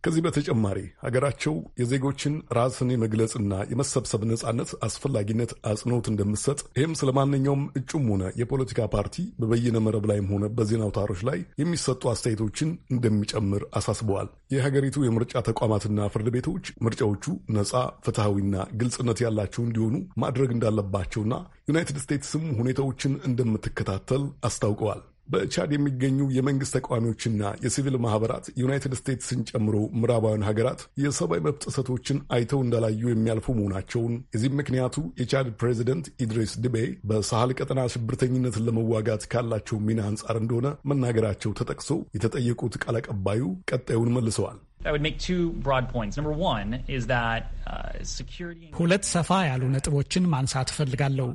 ከዚህ በተጨማሪ ሀገራቸው የዜጎችን ራስን የመግለጽና የመሰብሰብ ነጻነት አስፈላጊነት አጽንኦት እንደምትሰጥ ይህም ስለ ማንኛውም እጩም ሆነ የፖለቲካ ፓርቲ በበይነ መረብ ላይም ሆነ በዜና አውታሮች ላይ የሚሰጡ አስተያየቶችን እንደሚጨምር አሳስበዋል። የሀገሪቱ የምርጫ ተቋማትና ፍርድ ቤቶች ምርጫዎቹ ነጻ፣ ፍትሐዊና ግልጽነት ያላቸው እንዲሆኑ ማድረግ እንዳለባቸውና ዩናይትድ ስቴትስም ሁኔታዎችን እንደምትከታተል አስታውቀዋል። በቻድ የሚገኙ የመንግስት ተቃዋሚዎችና የሲቪል ማህበራት ዩናይትድ ስቴትስን ጨምሮ ምዕራባውያን ሀገራት የሰብአዊ መብት ጥሰቶችን አይተው እንዳላዩ የሚያልፉ መሆናቸውን የዚህም ምክንያቱ የቻድ ፕሬዚደንት ኢድሪስ ድቤ በሳህል ቀጠና ሽብርተኝነትን ለመዋጋት ካላቸው ሚና አንጻር እንደሆነ መናገራቸው ተጠቅሶ የተጠየቁት ቃል አቀባዩ ቀጣዩን መልሰዋል። uh, ሁለት ሰፋ ያሉ ነጥቦችን ማንሳት እፈልጋለሁ።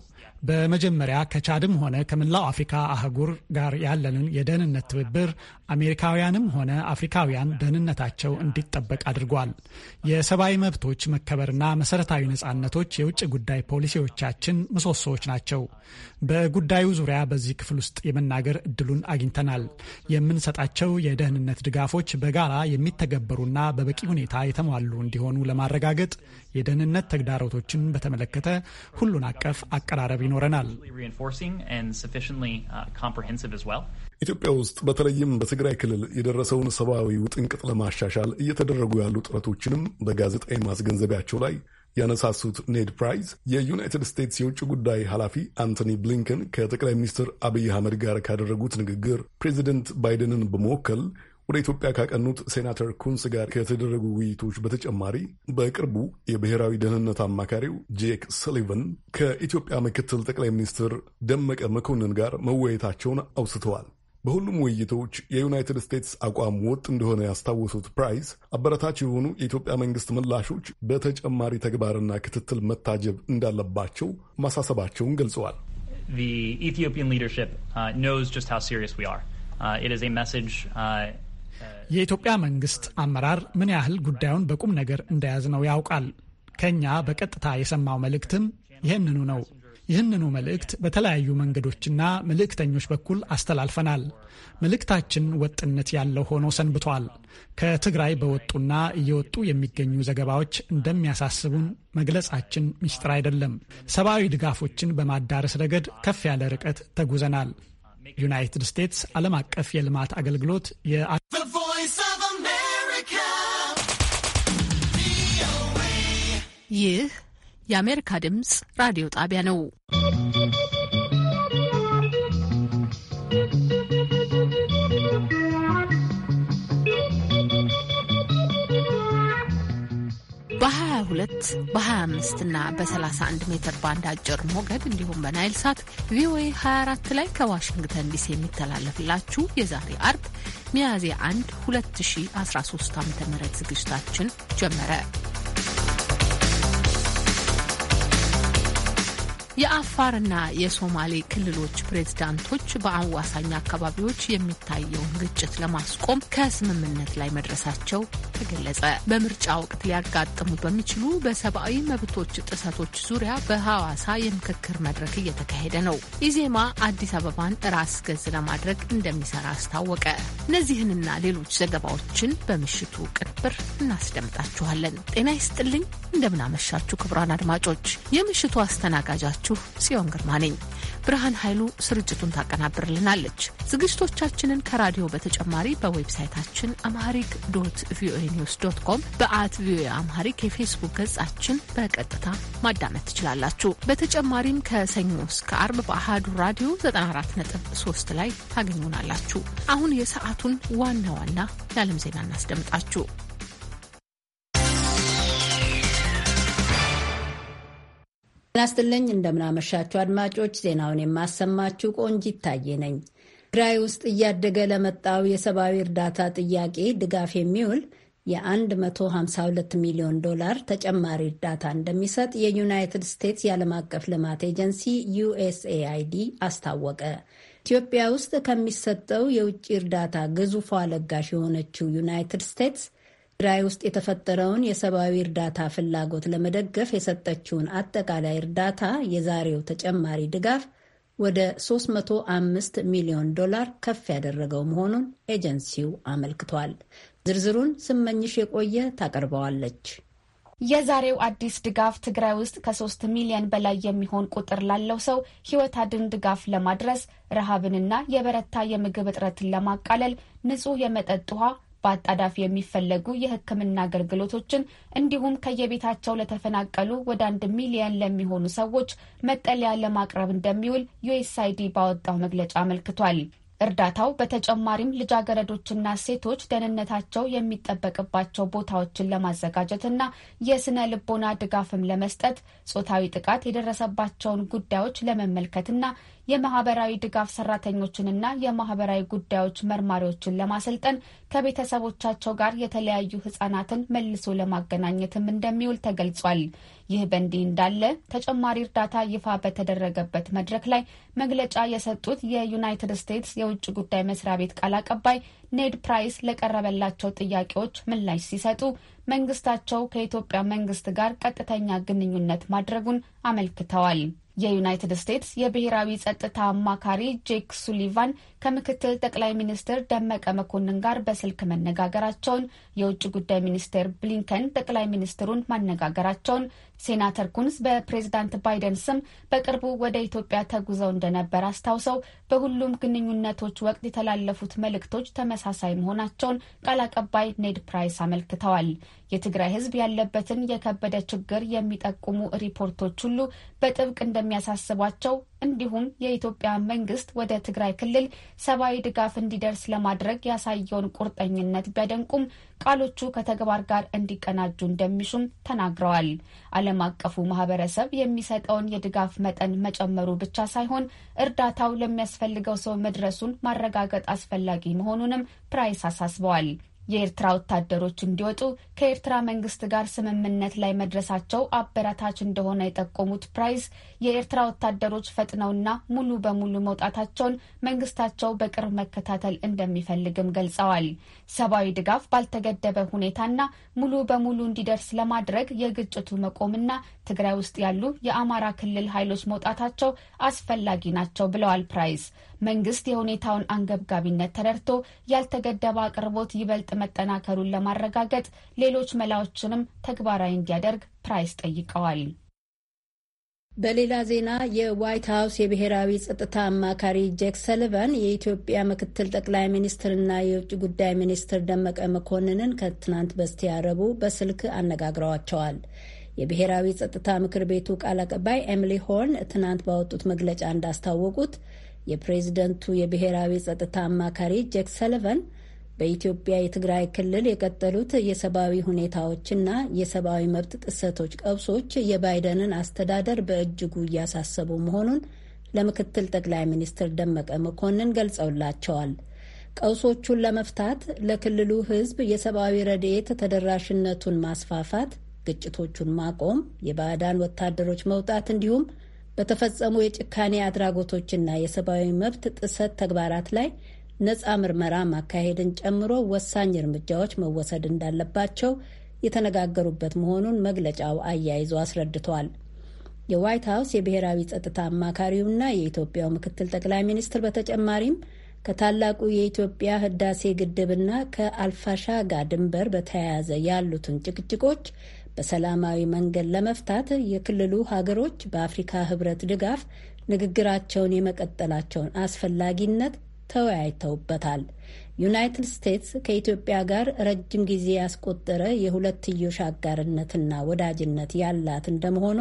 በመጀመሪያ ከቻድም ሆነ ከመላው አፍሪካ አህጉር ጋር ያለንን የደህንነት ትብብር አሜሪካውያንም ሆነ አፍሪካውያን ደህንነታቸው እንዲጠበቅ አድርጓል። የሰብአዊ መብቶች መከበርና መሰረታዊ ነጻነቶች የውጭ ጉዳይ ፖሊሲዎቻችን ምሰሶዎች ናቸው። በጉዳዩ ዙሪያ በዚህ ክፍል ውስጥ የመናገር እድሉን አግኝተናል። የምንሰጣቸው የደህንነት ድጋፎች በጋራ የሚተገበሩና በበቂ ሁኔታ የተሟሉ እንዲሆኑ ለማረጋገጥ የደህንነት ተግዳሮቶችን በተመለከተ ሁሉን አቀፍ አቀራረብ ይኖራል። ይኖረናል። uh, ኢትዮጵያ ውስጥ በተለይም በትግራይ ክልል የደረሰውን ሰብአዊ ውጥንቅጥ ለማሻሻል እየተደረጉ ያሉ ጥረቶችንም በጋዜጣዊ ማስገንዘቢያቸው ላይ ያነሳሱት ኔድ ፕራይዝ የዩናይትድ ስቴትስ የውጭ ጉዳይ ኃላፊ አንቶኒ ብሊንከን ከጠቅላይ ሚኒስትር አብይ አህመድ ጋር ካደረጉት ንግግር ፕሬዚደንት ባይደንን በመወከል ወደ ኢትዮጵያ ካቀኑት ሴናተር ኩንስ ጋር ከተደረጉ ውይይቶች በተጨማሪ በቅርቡ የብሔራዊ ደህንነት አማካሪው ጄክ ሰሊቨን ከኢትዮጵያ ምክትል ጠቅላይ ሚኒስትር ደመቀ መኮንን ጋር መወያየታቸውን አውስተዋል። በሁሉም ውይይቶች የዩናይትድ ስቴትስ አቋም ወጥ እንደሆነ ያስታወሱት ፕራይስ አበረታች የሆኑ የኢትዮጵያ መንግስት ምላሾች በተጨማሪ ተግባርና ክትትል መታጀብ እንዳለባቸው ማሳሰባቸውን ገልጸዋል። The Ethiopian leadership uh, knows just how serious we are. Uh, it is a message uh, የኢትዮጵያ መንግስት አመራር ምን ያህል ጉዳዩን በቁም ነገር እንደያዝ ነው ያውቃል። ከእኛ በቀጥታ የሰማው መልእክትም ይህንኑ ነው። ይህንኑ መልእክት በተለያዩ መንገዶችና መልእክተኞች በኩል አስተላልፈናል። መልእክታችን ወጥነት ያለው ሆኖ ሰንብቷል። ከትግራይ በወጡና እየወጡ የሚገኙ ዘገባዎች እንደሚያሳስቡን መግለጻችን ሚስጥር አይደለም። ሰብአዊ ድጋፎችን በማዳረስ ረገድ ከፍ ያለ ርቀት ተጉዘናል። ዩናይትድ ስቴትስ ዓለም አቀፍ የልማት አገልግሎት ይህ የአሜሪካ ድምፅ ራዲዮ ጣቢያ ነው። በ22 በ25 እና በ31 ሜትር ባንድ አጭር ሞገድ እንዲሁም በናይል ሳት ቪኦኤ 24 ላይ ከዋሽንግተን ዲሲ የሚተላለፍላችሁ የዛሬ አርብ ሚያዝያ 1 2013 ዓ ም ዝግጅታችን ጀመረ። የአፋርና የሶማሌ ክልሎች ፕሬዝዳንቶች በአዋሳኝ አካባቢዎች የሚታየውን ግጭት ለማስቆም ከስምምነት ላይ መድረሳቸው ተገለጸ። በምርጫ ወቅት ሊያጋጥሙ በሚችሉ በሰብአዊ መብቶች ጥሰቶች ዙሪያ በሐዋሳ የምክክር መድረክ እየተካሄደ ነው። ኢዜማ አዲስ አበባን ራስ ገዝ ለማድረግ እንደሚሰራ አስታወቀ። እነዚህንና ሌሎች ዘገባዎችን በምሽቱ ቅንብር እናስደምጣችኋለን። ጤና ይስጥልኝ። እንደምናመሻችሁ ክቡራን አድማጮች የምሽቱ አስተናጋጃችሁ የምሰናበታችሁ ጽዮን ግርማ ነኝ። ብርሃን ኃይሉ ስርጭቱን ታቀናብርልናለች። ዝግጅቶቻችንን ከራዲዮ በተጨማሪ በዌብሳይታችን አምሃሪክ ዶት ቪኦኤ ኒውስ ዶት ኮም፣ በአት ቪኦኤ አምሃሪክ የፌስቡክ ገጻችን በቀጥታ ማዳመጥ ትችላላችሁ። በተጨማሪም ከሰኞ እስከ አርብ በአህዱ ራዲዮ 94.3 ላይ ታገኙናላችሁ። አሁን የሰዓቱን ዋና ዋና የዓለም ዜና እናስደምጣችሁ። ናስትልኝ እንደምናመሻችሁ አድማጮች፣ ዜናውን የማሰማችሁ ቆንጅ ይታየ ነኝ። ትግራይ ውስጥ እያደገ ለመጣው የሰብአዊ እርዳታ ጥያቄ ድጋፍ የሚውል የ152 ሚሊዮን ዶላር ተጨማሪ እርዳታ እንደሚሰጥ የዩናይትድ ስቴትስ የዓለም አቀፍ ልማት ኤጀንሲ ዩኤስኤአይዲ አስታወቀ። ኢትዮጵያ ውስጥ ከሚሰጠው የውጭ እርዳታ ግዙፏ ለጋሽ የሆነችው ዩናይትድ ስቴትስ ትግራይ ውስጥ የተፈጠረውን የሰብአዊ እርዳታ ፍላጎት ለመደገፍ የሰጠችውን አጠቃላይ እርዳታ የዛሬው ተጨማሪ ድጋፍ ወደ 305 ሚሊዮን ዶላር ከፍ ያደረገው መሆኑን ኤጀንሲው አመልክቷል። ዝርዝሩን ስመኝሽ የቆየ ታቀርበዋለች። የዛሬው አዲስ ድጋፍ ትግራይ ውስጥ ከሶስት ሚሊዮን በላይ የሚሆን ቁጥር ላለው ሰው ህይወት አድን ድጋፍ ለማድረስ ረሃብንና የበረታ የምግብ እጥረትን ለማቃለል ንጹህ የመጠጥ ውሃ በአጣዳፊ የሚፈለጉ የሕክምና አገልግሎቶችን እንዲሁም ከየቤታቸው ለተፈናቀሉ ወደ አንድ ሚሊየን ለሚሆኑ ሰዎች መጠለያ ለማቅረብ እንደሚውል ዩኤስአይዲ ባወጣው መግለጫ አመልክቷል። እርዳታው በተጨማሪም ልጃገረዶችና ሴቶች ደህንነታቸው የሚጠበቅባቸው ቦታዎችን ለማዘጋጀትና የስነ ልቦና ድጋፍም ለመስጠት ጾታዊ ጥቃት የደረሰባቸውን ጉዳዮች ለመመልከትና የማህበራዊ ድጋፍ ሰራተኞችንና የማህበራዊ ጉዳዮች መርማሪዎችን ለማሰልጠን ከቤተሰቦቻቸው ጋር የተለያዩ ህጻናትን መልሶ ለማገናኘትም እንደሚውል ተገልጿል። ይህ በእንዲህ እንዳለ ተጨማሪ እርዳታ ይፋ በተደረገበት መድረክ ላይ መግለጫ የሰጡት የዩናይትድ ስቴትስ የውጭ ጉዳይ መስሪያ ቤት ቃል አቀባይ ኔድ ፕራይስ ለቀረበላቸው ጥያቄዎች ምላሽ ሲሰጡ መንግስታቸው ከኢትዮጵያ መንግስት ጋር ቀጥተኛ ግንኙነት ማድረጉን አመልክተዋል። የዩናይትድ ስቴትስ የብሔራዊ ጸጥታ አማካሪ ጄክ ሱሊቫን ከምክትል ጠቅላይ ሚኒስትር ደመቀ መኮንን ጋር በስልክ መነጋገራቸውን፣ የውጭ ጉዳይ ሚኒስቴር ብሊንከን ጠቅላይ ሚኒስትሩን ማነጋገራቸውን፣ ሴናተር ኩንስ በፕሬዝዳንት ባይደን ስም በቅርቡ ወደ ኢትዮጵያ ተጉዘው እንደነበር አስታውሰው በሁሉም ግንኙነቶች ወቅት የተላለፉት መልእክቶች ተመሳሳይ መሆናቸውን ቃል አቀባይ ኔድ ፕራይስ አመልክተዋል። የትግራይ ሕዝብ ያለበትን የከበደ ችግር የሚጠቁሙ ሪፖርቶች ሁሉ በጥብቅ እንደሚያሳስቧቸው እንዲሁም የኢትዮጵያ መንግስት ወደ ትግራይ ክልል ሰብአዊ ድጋፍ እንዲደርስ ለማድረግ ያሳየውን ቁርጠኝነት ቢያደንቁም ቃሎቹ ከተግባር ጋር እንዲቀናጁ እንደሚሹም ተናግረዋል። ዓለም አቀፉ ማህበረሰብ የሚሰጠውን የድጋፍ መጠን መጨመሩ ብቻ ሳይሆን እርዳታው ለሚያስፈልገው ሰው መድረሱን ማረጋገጥ አስፈላጊ መሆኑንም ፕራይስ አሳስበዋል። የኤርትራ ወታደሮች እንዲወጡ ከኤርትራ መንግስት ጋር ስምምነት ላይ መድረሳቸው አበረታች እንደሆነ የጠቆሙት ፕራይስ የኤርትራ ወታደሮች ፈጥነውና ሙሉ በሙሉ መውጣታቸውን መንግስታቸው በቅርብ መከታተል እንደሚፈልግም ገልጸዋል። ሰብአዊ ድጋፍ ባልተገደበ ሁኔታና ሙሉ በሙሉ እንዲደርስ ለማድረግ የግጭቱ መቆምና ትግራይ ውስጥ ያሉ የአማራ ክልል ኃይሎች መውጣታቸው አስፈላጊ ናቸው ብለዋል ፕራይስ መንግስት የሁኔታውን አንገብጋቢነት ተረድቶ ያልተገደበ አቅርቦት ይበልጥ መጠናከሩን ለማረጋገጥ ሌሎች መላዎችንም ተግባራዊ እንዲያደርግ ፕራይስ ጠይቀዋል። በሌላ ዜና የዋይት ሀውስ የብሔራዊ ጸጥታ አማካሪ ጄክ ሰሊቫን የኢትዮጵያ ምክትል ጠቅላይ ሚኒስትርና የውጭ ጉዳይ ሚኒስትር ደመቀ መኮንንን ከትናንት በስቲያ ረቡዕ በስልክ አነጋግረዋቸዋል። የብሔራዊ ጸጥታ ምክር ቤቱ ቃል አቀባይ ኤምሊ ሆርን ትናንት ባወጡት መግለጫ እንዳስታወቁት የፕሬዝደንቱ የብሔራዊ ጸጥታ አማካሪ ጄክ ሰለቨን በኢትዮጵያ የትግራይ ክልል የቀጠሉት የሰብአዊ ሁኔታዎችና የሰብአዊ መብት ጥሰቶች ቀውሶች የባይደንን አስተዳደር በእጅጉ እያሳሰቡ መሆኑን ለምክትል ጠቅላይ ሚኒስትር ደመቀ መኮንን ገልጸውላቸዋል። ቀውሶቹን ለመፍታት ለክልሉ ሕዝብ የሰብአዊ ረድኤት ተደራሽነቱን ማስፋፋት፣ ግጭቶቹን ማቆም፣ የባዕዳን ወታደሮች መውጣት እንዲሁም በተፈጸሙ የጭካኔ አድራጎቶችና የሰብአዊ መብት ጥሰት ተግባራት ላይ ነጻ ምርመራ ማካሄድን ጨምሮ ወሳኝ እርምጃዎች መወሰድ እንዳለባቸው የተነጋገሩበት መሆኑን መግለጫው አያይዞ አስረድቷል። የዋይት ሀውስ የብሔራዊ ጸጥታ አማካሪውና የኢትዮጵያው ምክትል ጠቅላይ ሚኒስትር በተጨማሪም ከታላቁ የኢትዮጵያ ህዳሴ ግድብና ከአልፋሻጋ ድንበር በተያያዘ ያሉትን ጭቅጭቆች በሰላማዊ መንገድ ለመፍታት የክልሉ ሀገሮች በአፍሪካ ህብረት ድጋፍ ንግግራቸውን የመቀጠላቸውን አስፈላጊነት ተወያይተውበታል። ዩናይትድ ስቴትስ ከኢትዮጵያ ጋር ረጅም ጊዜ ያስቆጠረ የሁለትዮሽ አጋርነትና ወዳጅነት ያላት እንደመሆኗ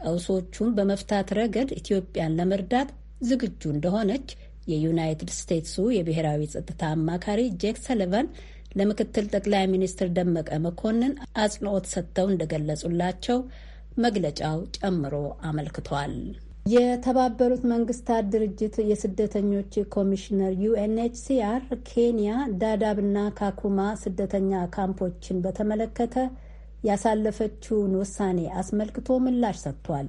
ቀውሶቹን በመፍታት ረገድ ኢትዮጵያን ለመርዳት ዝግጁ እንደሆነች የዩናይትድ ስቴትሱ የብሔራዊ ጸጥታ አማካሪ ጄክ ሰለቫን ለምክትል ጠቅላይ ሚኒስትር ደመቀ መኮንን አጽንኦት ሰጥተው እንደገለጹላቸው መግለጫው ጨምሮ አመልክቷል። የተባበሩት መንግስታት ድርጅት የስደተኞች ኮሚሽነር ዩኤንኤችሲአር ኬንያ ዳዳብና ካኩማ ስደተኛ ካምፖችን በተመለከተ ያሳለፈችውን ውሳኔ አስመልክቶ ምላሽ ሰጥቷል።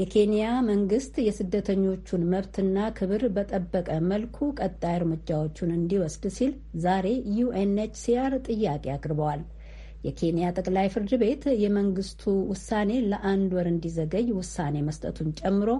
የኬንያ መንግስት የስደተኞቹን መብትና ክብር በጠበቀ መልኩ ቀጣይ እርምጃዎቹን እንዲወስድ ሲል ዛሬ ዩኤንኤችሲአር ጥያቄ አቅርበዋል። የኬንያ ጠቅላይ ፍርድ ቤት የመንግስቱ ውሳኔ ለአንድ ወር እንዲዘገይ ውሳኔ መስጠቱን ጨምሮ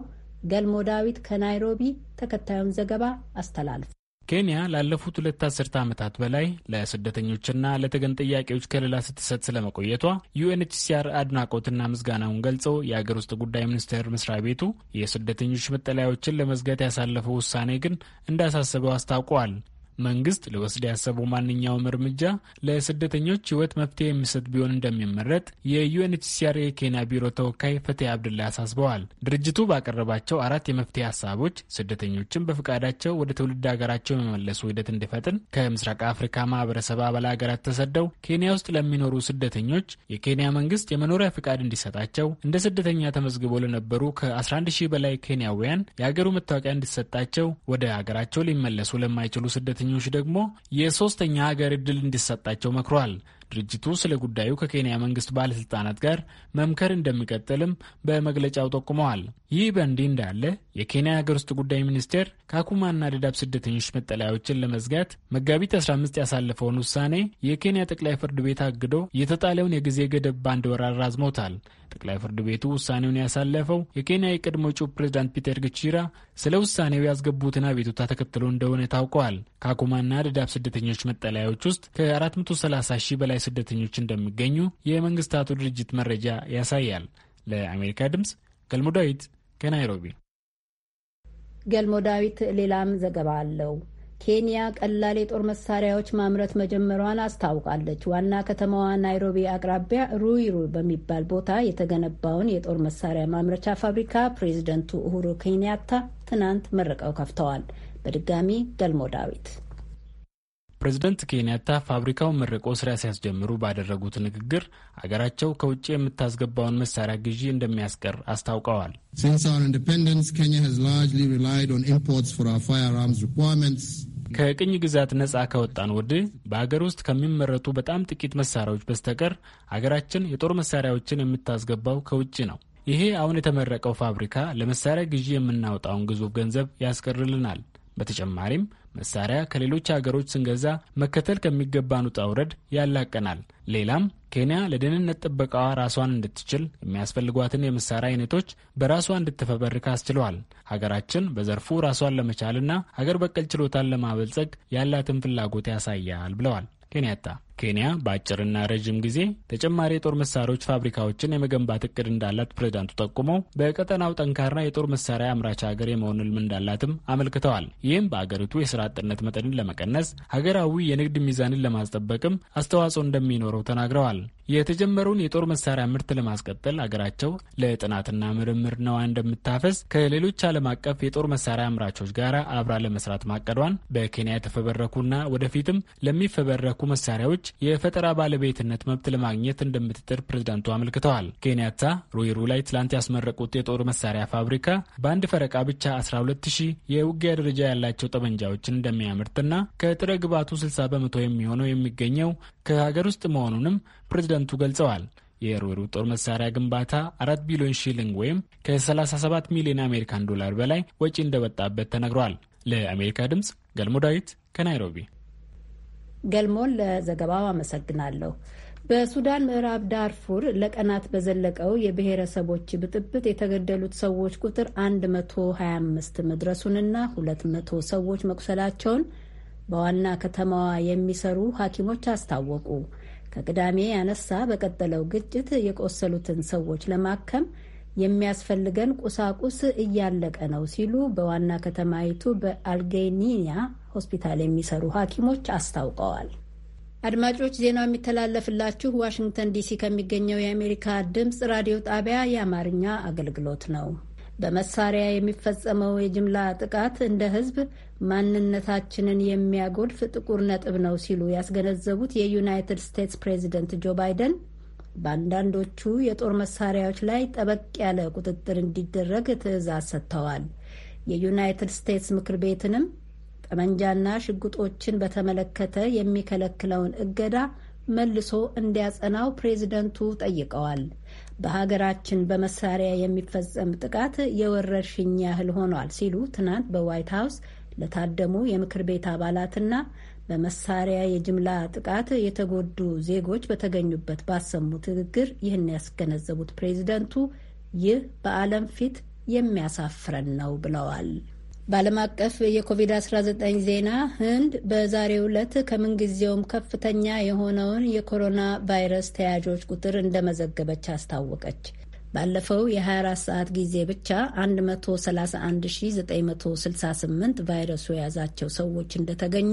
ገልሞ ዳዊት ከናይሮቢ ተከታዩን ዘገባ አስተላልፏል። ኬንያ ላለፉት ሁለት አስርተ ዓመታት በላይ ለስደተኞችና ለተገን ጥያቄዎች ከለላ ስትሰጥ ስለመቆየቷ ዩኤንኤችሲአር አድናቆትና ምስጋናውን ገልጸው የአገር ውስጥ ጉዳይ ሚኒስቴር መስሪያ ቤቱ የስደተኞች መጠለያዎችን ለመዝጋት ያሳለፈው ውሳኔ ግን እንዳሳሰበው አስታውቀዋል። መንግስት ሊወስድ ያሰቡ ማንኛውም እርምጃ ለስደተኞች ህይወት መፍትሄ የሚሰጥ ቢሆን እንደሚመረጥ የዩኤንኤችሲአር የኬንያ ቢሮ ተወካይ ፈትሄ አብድላ አሳስበዋል። ድርጅቱ ባቀረባቸው አራት የመፍትሄ ሀሳቦች ስደተኞችን በፍቃዳቸው ወደ ትውልድ ሀገራቸው የመመለሱ ሂደት እንዲፈጥን ከምስራቅ አፍሪካ ማህበረሰብ አባል ሀገራት ተሰደው ኬንያ ውስጥ ለሚኖሩ ስደተኞች የኬንያ መንግስት የመኖሪያ ፍቃድ እንዲሰጣቸው፣ እንደ ስደተኛ ተመዝግቦ ለነበሩ ከ11 ሺህ በላይ ኬንያውያን የሀገሩ መታወቂያ እንዲሰጣቸው፣ ወደ ሀገራቸው ሊመለሱ ለማይችሉ ስደተኞች ሰራተኞች ደግሞ የሶስተኛ ሀገር ዕድል እንዲሰጣቸው መክሯል። ድርጅቱ ስለ ጉዳዩ ከኬንያ መንግስት ባለስልጣናት ጋር መምከር እንደሚቀጥልም በመግለጫው ጠቁመዋል። ይህ በእንዲህ እንዳለ የኬንያ የሀገር ውስጥ ጉዳይ ሚኒስቴር ካኩማና ደዳብ ስደተኞች መጠለያዎችን ለመዝጋት መጋቢት 15 ያሳለፈውን ውሳኔ የኬንያ ጠቅላይ ፍርድ ቤት አግዶ የተጣለውን የጊዜ ገደብ በአንድ ወር አራዝሞታል። ጠቅላይ ፍርድ ቤቱ ውሳኔውን ያሳለፈው የኬንያ የቀድሞ ዕጩው ፕሬዚዳንት ፒተር ግቺራ ስለ ውሳኔው ያስገቡትን አቤቱታ ተከትሎ እንደሆነ ታውቀዋል። ካኩማና ደዳብ ስደተኞች መጠለያዎች ውስጥ ከ430 ሺህ በላይ በላይ ስደተኞች እንደሚገኙ የመንግስታቱ ድርጅት መረጃ ያሳያል። ለአሜሪካ ድምፅ ገልሞ ዳዊት ከናይሮቢ። ገልሞ ዳዊት ሌላም ዘገባ አለው። ኬንያ ቀላል የጦር መሳሪያዎች ማምረት መጀመሯን አስታውቃለች። ዋና ከተማዋ ናይሮቢ አቅራቢያ ሩይሩ በሚባል ቦታ የተገነባውን የጦር መሳሪያ ማምረቻ ፋብሪካ ፕሬዚደንቱ ኡሁሩ ኬንያታ ትናንት መርቀው ከፍተዋል። በድጋሚ ገልሞ ዳዊት ፕሬዝደንት ኬንያታ ፋብሪካውን መርቆ ስራ ሲያስጀምሩ ባደረጉት ንግግር አገራቸው ከውጭ የምታስገባውን መሳሪያ ግዢ እንደሚያስቀር አስታውቀዋል። ከቅኝ ግዛት ነጻ ከወጣን ወዲህ በአገር ውስጥ ከሚመረቱ በጣም ጥቂት መሳሪያዎች በስተቀር አገራችን የጦር መሳሪያዎችን የምታስገባው ከውጭ ነው። ይሄ አሁን የተመረቀው ፋብሪካ ለመሳሪያ ግዢ የምናወጣውን ግዙፍ ገንዘብ ያስቀርልናል። በተጨማሪም መሳሪያ ከሌሎች ሀገሮች ስንገዛ መከተል ከሚገባን ውጣ ውረድ ያላቀናል። ሌላም ኬንያ ለደህንነት ጥበቃዋ ራሷን እንድትችል የሚያስፈልጓትን የመሳሪያ አይነቶች በራሷ እንድትፈበርክ አስችለዋል። ሀገራችን በዘርፉ ራሷን ለመቻልና ሀገር በቀል ችሎታን ለማበልጸግ ያላትን ፍላጎት ያሳያል ብለዋል ኬንያታ። ኬንያ በአጭርና ረዥም ጊዜ ተጨማሪ የጦር መሳሪያዎች ፋብሪካዎችን የመገንባት እቅድ እንዳላት ፕሬዚዳንቱ ጠቁመው በቀጠናው ጠንካራ የጦር መሳሪያ አምራች ሀገር የመሆን ህልም እንዳላትም አመልክተዋል። ይህም በአገሪቱ የስራ አጥነት መጠንን ለመቀነስ፣ ሀገራዊ የንግድ ሚዛንን ለማስጠበቅም አስተዋጽኦ እንደሚኖረው ተናግረዋል። የተጀመረውን የጦር መሳሪያ ምርት ለማስቀጠል አገራቸው ለጥናትና ምርምር ነዋ እንደምታፈስ ከሌሎች ዓለም አቀፍ የጦር መሳሪያ አምራቾች ጋር አብራ ለመስራት ማቀዷን በኬንያ የተፈበረኩና ወደፊትም ለሚፈበረኩ መሳሪያዎች የፈጠራ ባለቤትነት መብት ለማግኘት እንደምትጥር ፕሬዚዳንቱ አመልክተዋል። ኬንያታ ሩይሩ ላይ ትላንት ያስመረቁት የጦር መሳሪያ ፋብሪካ በአንድ ፈረቃ ብቻ 120 የውጊያ ደረጃ ያላቸው ጠመንጃዎችን እንደሚያመርትና ከጥረ ግባቱ 60 በመቶ የሚሆነው የሚገኘው ከሀገር ውስጥ መሆኑንም ፕሬዚዳንቱ ገልጸዋል። የሩይሩ ጦር መሳሪያ ግንባታ አራት ቢሊዮን ሺሊንግ ወይም ከ37 ሚሊዮን አሜሪካን ዶላር በላይ ወጪ እንደወጣበት ተነግሯል። ለአሜሪካ ድምፅ ገልሞ ዳዊት ከናይሮቢ ገልሞን ለዘገባው አመሰግናለሁ። በሱዳን ምዕራብ ዳርፉር ለቀናት በዘለቀው የብሔረሰቦች ብጥብጥ የተገደሉት ሰዎች ቁጥር 125 መድረሱንና 200 ሰዎች መቁሰላቸውን በዋና ከተማዋ የሚሰሩ ሐኪሞች አስታወቁ። ከቅዳሜ ያነሳ በቀጠለው ግጭት የቆሰሉትን ሰዎች ለማከም የሚያስፈልገን ቁሳቁስ እያለቀ ነው ሲሉ በዋና ከተማይቱ በአልጌኒያ ሆስፒታል የሚሰሩ ሐኪሞች አስታውቀዋል። አድማጮች ዜናው የሚተላለፍላችሁ ዋሽንግተን ዲሲ ከሚገኘው የአሜሪካ ድምፅ ራዲዮ ጣቢያ የአማርኛ አገልግሎት ነው። በመሳሪያ የሚፈጸመው የጅምላ ጥቃት እንደ ሕዝብ ማንነታችንን የሚያጎድፍ ጥቁር ነጥብ ነው ሲሉ ያስገነዘቡት የዩናይትድ ስቴትስ ፕሬዚደንት ጆ ባይደን በአንዳንዶቹ የጦር መሳሪያዎች ላይ ጠበቅ ያለ ቁጥጥር እንዲደረግ ትዕዛዝ ሰጥተዋል። የዩናይትድ ስቴትስ ምክር ቤትንም ጠመንጃና ሽጉጦችን በተመለከተ የሚከለክለውን እገዳ መልሶ እንዲያጸናው ፕሬዚደንቱ ጠይቀዋል። በሀገራችን በመሳሪያ የሚፈጸም ጥቃት የወረርሽኝ ያህል ሆኗል ሲሉ ትናንት በዋይት ሀውስ ለታደሙ የምክር ቤት አባላትና በመሳሪያ የጅምላ ጥቃት የተጎዱ ዜጎች በተገኙበት ባሰሙ ንግግር ይህን ያስገነዘቡት ፕሬዚደንቱ ይህ በዓለም ፊት የሚያሳፍረን ነው ብለዋል። በዓለም አቀፍ የኮቪድ-19 ዜና ህንድ በዛሬው ዕለት ከምንጊዜውም ከፍተኛ የሆነውን የኮሮና ቫይረስ ተያዦች ቁጥር እንደመዘገበች አስታወቀች። ባለፈው የ24 ሰዓት ጊዜ ብቻ 131968 ቫይረሱ የያዛቸው ሰዎች እንደተገኙ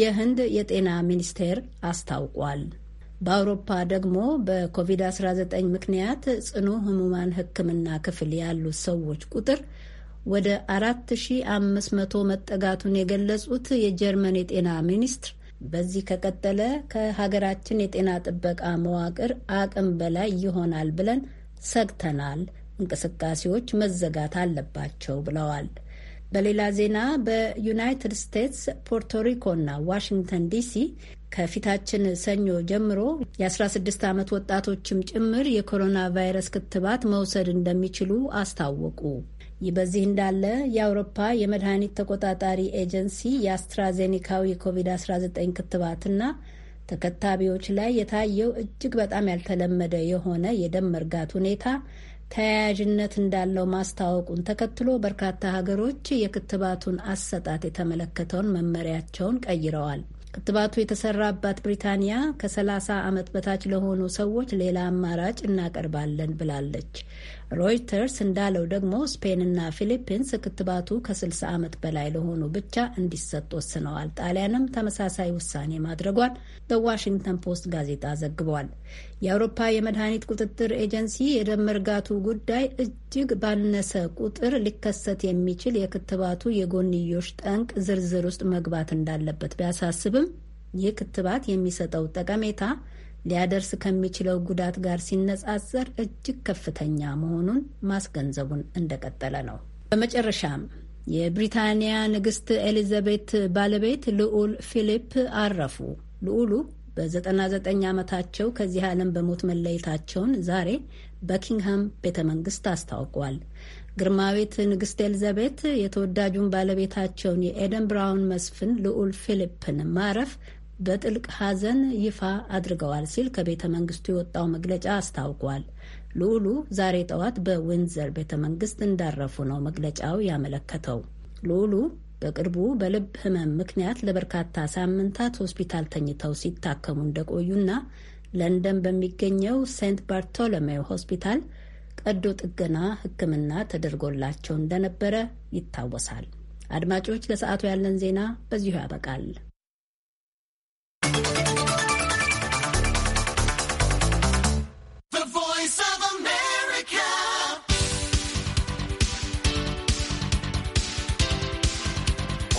የህንድ የጤና ሚኒስቴር አስታውቋል። በአውሮፓ ደግሞ በኮቪድ-19 ምክንያት ጽኑ ህሙማን ሕክምና ክፍል ያሉት ሰዎች ቁጥር ወደ 4500 መጠጋቱን የገለጹት የጀርመን የጤና ሚኒስትር በዚህ ከቀጠለ ከሀገራችን የጤና ጥበቃ መዋቅር አቅም በላይ ይሆናል ብለን ሰግተናል፣ እንቅስቃሴዎች መዘጋት አለባቸው ብለዋል። በሌላ ዜና በዩናይትድ ስቴትስ ፖርቶሪኮና ዋሽንግተን ዲሲ ከፊታችን ሰኞ ጀምሮ የ16 ዓመት ወጣቶችም ጭምር የኮሮና ቫይረስ ክትባት መውሰድ እንደሚችሉ አስታወቁ። ይህ በዚህ እንዳለ የአውሮፓ የመድኃኒት ተቆጣጣሪ ኤጀንሲ የአስትራዜኒካው የኮቪድ-19 ክትባትና ተከታቢዎች ላይ የታየው እጅግ በጣም ያልተለመደ የሆነ የደም መርጋት ሁኔታ ተያያዥነት እንዳለው ማስታወቁን ተከትሎ በርካታ ሀገሮች የክትባቱን አሰጣት የተመለከተውን መመሪያቸውን ቀይረዋል። ክትባቱ የተሰራባት ብሪታንያ ከ30 ዓመት በታች ለሆኑ ሰዎች ሌላ አማራጭ እናቀርባለን ብላለች። ሮይተርስ እንዳለው ደግሞ ስፔንና ፊሊፒንስ ክትባቱ ከ60 ዓመት በላይ ለሆኑ ብቻ እንዲሰጥ ወስነዋል። ጣሊያንም ተመሳሳይ ውሳኔ ማድረጓን ዘ ዋሽንግተን ፖስት ጋዜጣ ዘግቧል። የአውሮፓ የመድኃኒት ቁጥጥር ኤጀንሲ የደም እርጋቱ ጉዳይ እጅግ ባነሰ ቁጥር ሊከሰት የሚችል የክትባቱ የጎንዮሽ ጠንቅ ዝርዝር ውስጥ መግባት እንዳለበት ቢያሳስብም ይህ ክትባት የሚሰጠው ጠቀሜታ ሊያደርስ ከሚችለው ጉዳት ጋር ሲነጻጸር እጅግ ከፍተኛ መሆኑን ማስገንዘቡን እንደቀጠለ ነው። በመጨረሻም የብሪታንያ ንግስት ኤሊዛቤት ባለቤት ልዑል ፊሊፕ አረፉ። ልዑሉ በ99 ዓመታቸው ከዚህ ዓለም በሞት መለየታቸውን ዛሬ በኪንግሃም ቤተ መንግስት አስታውቋል። ግርማዊት ንግስት ኤልዛቤት የተወዳጁን ባለቤታቸውን የኤደን ብራውን መስፍን ልዑል ፊሊፕን ማረፍ በጥልቅ ሐዘን ይፋ አድርገዋል ሲል ከቤተ መንግስቱ የወጣው መግለጫ አስታውቋል። ልዑሉ ዛሬ ጠዋት በዊንዘር ቤተ መንግስት እንዳረፉ ነው መግለጫው ያመለከተው። ልዑሉ በቅርቡ በልብ ህመም ምክንያት ለበርካታ ሳምንታት ሆስፒታል ተኝተው ሲታከሙ እንደቆዩና ለንደን በሚገኘው ሴንት ባርቶሎሜው ሆስፒታል ቀዶ ጥገና ሕክምና ተደርጎላቸው እንደነበረ ይታወሳል። አድማጮች፣ ለሰዓቱ ያለን ዜና በዚሁ ያበቃል። The Voice of America.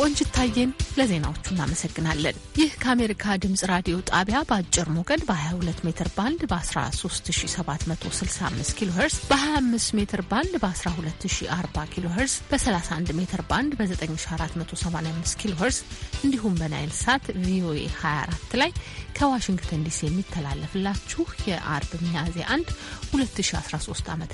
Onde ታየን ለዜናዎቹ እናመሰግናለን። ይህ ከአሜሪካ ድምጽ ራዲዮ ጣቢያ በአጭር ሞገድ በ22 ሜትር ባንድ በ13765 ኪሎ ሄርስ በ25 ሜትር ባንድ በ1240 ኪሎ ሄርስ በ31 ሜትር ባንድ በ9485 ኪሎ ሄርስ እንዲሁም በናይል ሳት ቪኦኤ 24 ላይ ከዋሽንግተን ዲሲ የሚተላለፍላችሁ የአርብ ሚያዝያ 1 2013 ዓ ም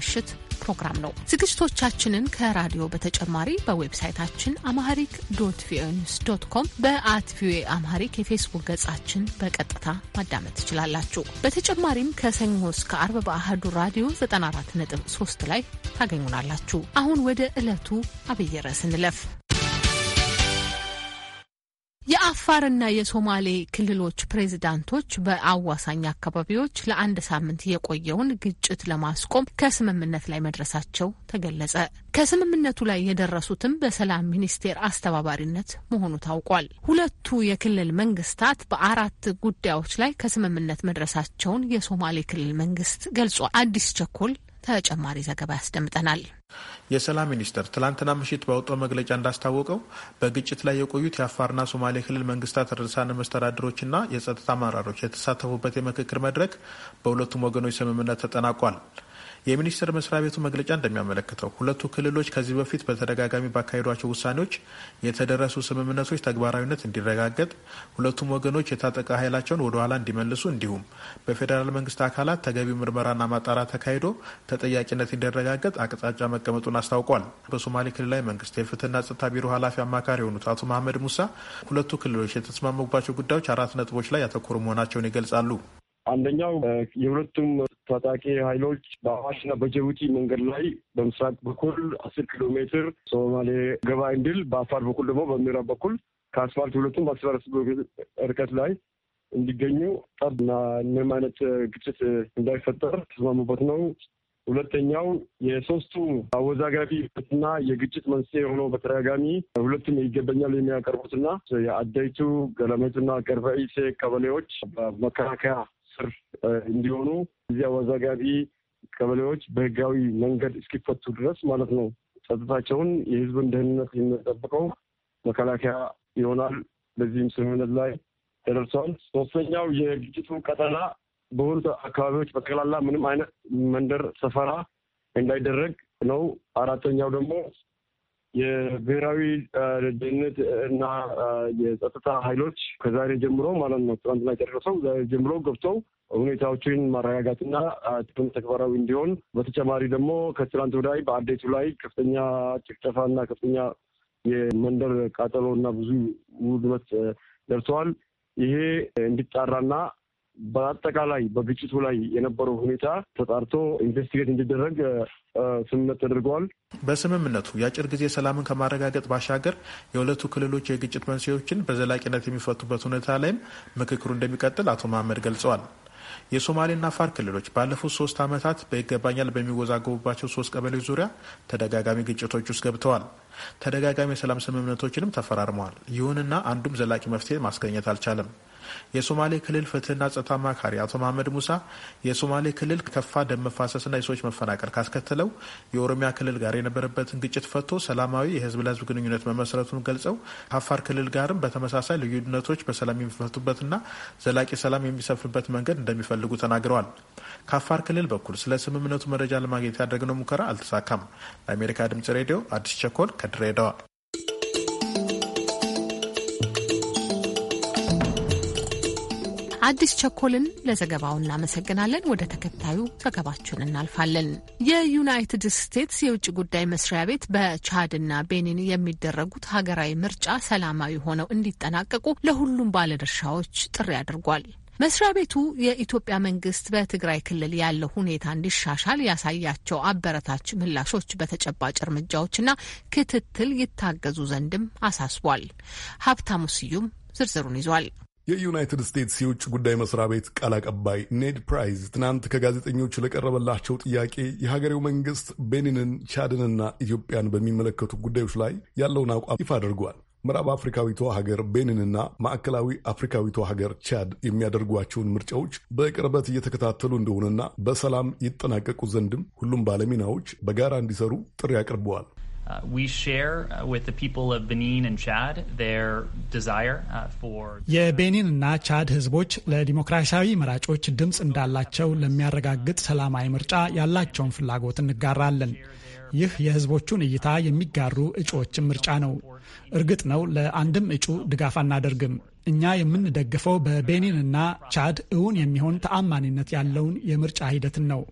ምሽት ፕሮግራም ነው። ዝግጅቶቻችንን ከራዲዮ በተጨማሪ በዌብሳይታችን አማሪክ ዶ ዶት ቪኦኤ ኒውስ ዶት ኮም በአት ቪኦኤ አምሃሪክ የፌስቡክ ገጻችን በቀጥታ ማዳመጥ ትችላላችሁ። በተጨማሪም ከሰኞ እስከ አርብ በአህዱ ራዲዮ 94.3 ላይ ታገኙናላችሁ። አሁን ወደ ዕለቱ አብይ ርዕስ እንለፍ። የአፋርና የሶማሌ ክልሎች ፕሬዚዳንቶች በአዋሳኝ አካባቢዎች ለአንድ ሳምንት የቆየውን ግጭት ለማስቆም ከስምምነት ላይ መድረሳቸው ተገለጸ። ከስምምነቱ ላይ የደረሱትም በሰላም ሚኒስቴር አስተባባሪነት መሆኑ ታውቋል። ሁለቱ የክልል መንግስታት በአራት ጉዳዮች ላይ ከስምምነት መድረሳቸውን የሶማሌ ክልል መንግስት ገልጿል። አዲስ ቸኮል ተጨማሪ ዘገባ ያስደምጠናል። የሰላም ሚኒስቴር ትላንትና ምሽት ባወጣው መግለጫ እንዳስታወቀው በግጭት ላይ የቆዩት የአፋርና ሶማሌ ክልል መንግስታት ርዕሳነ መስተዳድሮችና የጸጥታ አመራሮች የተሳተፉበት የምክክር መድረክ በሁለቱም ወገኖች ስምምነት ተጠናቋል። የሚኒስቴር መስሪያ ቤቱ መግለጫ እንደሚያመለክተው ሁለቱ ክልሎች ከዚህ በፊት በተደጋጋሚ ባካሄዷቸው ውሳኔዎች የተደረሱ ስምምነቶች ተግባራዊነት እንዲረጋገጥ፣ ሁለቱም ወገኖች የታጠቀ ኃይላቸውን ወደ ኋላ እንዲመልሱ፣ እንዲሁም በፌዴራል መንግስት አካላት ተገቢው ምርመራና ማጣራ ተካሂዶ ተጠያቂነት እንዲረጋገጥ አቅጣጫ መቀመጡን አስታውቋል። በሶማሌ ክልላዊ መንግስት የፍትህና ጸጥታ ቢሮ ኃላፊ አማካሪ የሆኑት አቶ መሀመድ ሙሳ ሁለቱ ክልሎች የተስማሙባቸው ጉዳዮች አራት ነጥቦች ላይ ያተኮሩ መሆናቸውን ይገልጻሉ። አንደኛው የሁለቱም ታጣቂ ኃይሎች በአዋሽና በጅቡቲ መንገድ ላይ በምስራቅ በኩል አስር ኪሎ ሜትር ሶማሌ ገባ እንድል፣ በአፋር በኩል ደግሞ በምዕራብ በኩል ከአስፋልት ሁለቱም በአስራ አራት ርቀት ላይ እንዲገኙ ጠብና ምንም አይነት ግጭት እንዳይፈጠር ተስማሙበት ነው። ሁለተኛው የሶስቱ አወዛጋቢ ና የግጭት መንስኤ ሆኖ በተደጋጋሚ ሁለቱም ይገበኛል የሚያቀርቡትና የአደይቱ ገለመቱና ገርበኢሴ ቀበሌዎች በመከላከያ ስር እንዲሆኑ እዚያ አወዛጋቢ ቀበሌዎች በህጋዊ መንገድ እስኪፈቱ ድረስ ማለት ነው ጸጥታቸውን የህዝብን ደህንነት የሚጠብቀው መከላከያ ይሆናል። በዚህም ስምምነት ላይ ተደርሰዋል። ሶስተኛው የግጭቱ ቀጠና በሁሉ አካባቢዎች በጠቅላላ ምንም አይነት መንደር ሰፈራ እንዳይደረግ ነው። አራተኛው ደግሞ የብሔራዊ ደህንነት እና የጸጥታ ኃይሎች ከዛሬ ጀምሮ ማለት ነው ትናንትና ጨረሰው ዛሬ ጀምሮ ገብተው ሁኔታዎችን ማረጋጋትና ጥቅም ተግባራዊ እንዲሆን፣ በተጨማሪ ደግሞ ከትናንት ወዲያ በአዴቱ ላይ ከፍተኛ እና ከፍተኛ የመንደር ቃጠሎ እና ብዙ ውድመት ደርሰዋል። ይሄ እንዲጣራና በአጠቃላይ በግጭቱ ላይ የነበረው ሁኔታ ተጣርቶ ኢንቨስቲጌት እንዲደረግ ስምምነት ተደርገዋል። በስምምነቱ የአጭር ጊዜ ሰላምን ከማረጋገጥ ባሻገር የሁለቱ ክልሎች የግጭት መንስኤዎችን በዘላቂነት የሚፈቱበት ሁኔታ ላይም ምክክሩ እንደሚቀጥል አቶ መሀመድ ገልጸዋል። የሶማሌና አፋር ክልሎች ባለፉት ሶስት ዓመታት በይገባኛል በሚወዛገቡባቸው ሶስት ቀበሌዎች ዙሪያ ተደጋጋሚ ግጭቶች ውስጥ ገብተዋል። ተደጋጋሚ የሰላም ስምምነቶችንም ተፈራርመዋል። ይሁንና አንዱም ዘላቂ መፍትሄ ማስገኘት አልቻለም። የሶማሌ ክልል ፍትህና ጸጥታ አማካሪ አቶ መሀመድ ሙሳ የሶማሌ ክልል ከፋ ደም መፋሰስና የሰዎች መፈናቀል ካስከተለው የኦሮሚያ ክልል ጋር የነበረበትን ግጭት ፈቶ ሰላማዊ የህዝብ ለህዝብ ግንኙነት መመስረቱን ገልጸው ከአፋር ክልል ጋርም በተመሳሳይ ልዩነቶች በሰላም የሚፈቱበትና ዘላቂ ሰላም የሚሰፍንበት መንገድ እንደሚፈልጉ ተናግረዋል። ከአፋር ክልል በኩል ስለ ስምምነቱ መረጃ ለማግኘት ያደረግነው ሙከራ አልተሳካም። ለአሜሪካ ድምጽ ሬዲዮ አዲስ ቸኮል ከድሬዳዋ አዲስ ቸኮልን ለዘገባው እናመሰግናለን። ወደ ተከታዩ ዘገባችን እናልፋለን። የዩናይትድ ስቴትስ የውጭ ጉዳይ መስሪያ ቤት በቻድና ቤኒን የሚደረጉት ሀገራዊ ምርጫ ሰላማዊ ሆነው እንዲጠናቀቁ ለሁሉም ባለድርሻዎች ጥሪ አድርጓል። መስሪያ ቤቱ የኢትዮጵያ መንግስት በትግራይ ክልል ያለው ሁኔታ እንዲሻሻል ያሳያቸው አበረታች ምላሾች በተጨባጭ እርምጃዎችና ክትትል ይታገዙ ዘንድም አሳስቧል። ሀብታሙ ስዩም ዝርዝሩን ይዟል። የዩናይትድ ስቴትስ የውጭ ጉዳይ መስሪያ ቤት ቃል አቀባይ ኔድ ፕራይዝ ትናንት ከጋዜጠኞች ለቀረበላቸው ጥያቄ የሀገሬው መንግስት ቤኒንን፣ ቻድንና ኢትዮጵያን በሚመለከቱ ጉዳዮች ላይ ያለውን አቋም ይፋ አድርጓል። ምዕራብ አፍሪካዊቷ ሀገር ቤኒንና ማዕከላዊ አፍሪካዊቷ ሀገር ቻድ የሚያደርጓቸውን ምርጫዎች በቅርበት እየተከታተሉ እንደሆነና በሰላም ይጠናቀቁ ዘንድም ሁሉም ባለሚናዎች በጋራ እንዲሰሩ ጥሪ አቅርበዋል። Uh, uh, uh, የቤኒንና ቻድ ህዝቦች ለዲሞክራሲያዊ መራጮች ድምፅ እንዳላቸው ለሚያረጋግጥ ሰላማዊ ምርጫ ያላቸውን ፍላጎት እንጋራለን። ይህ የህዝቦቹን እይታ የሚጋሩ እጩዎችን ምርጫ ነው። እርግጥ ነው ለአንድም እጩ ድጋፍ አናደርግም። እኛ የምንደግፈው በቤኒንና ቻድ እውን የሚሆን ተአማኒነት ያለውን የምርጫ ሂደትን ነው።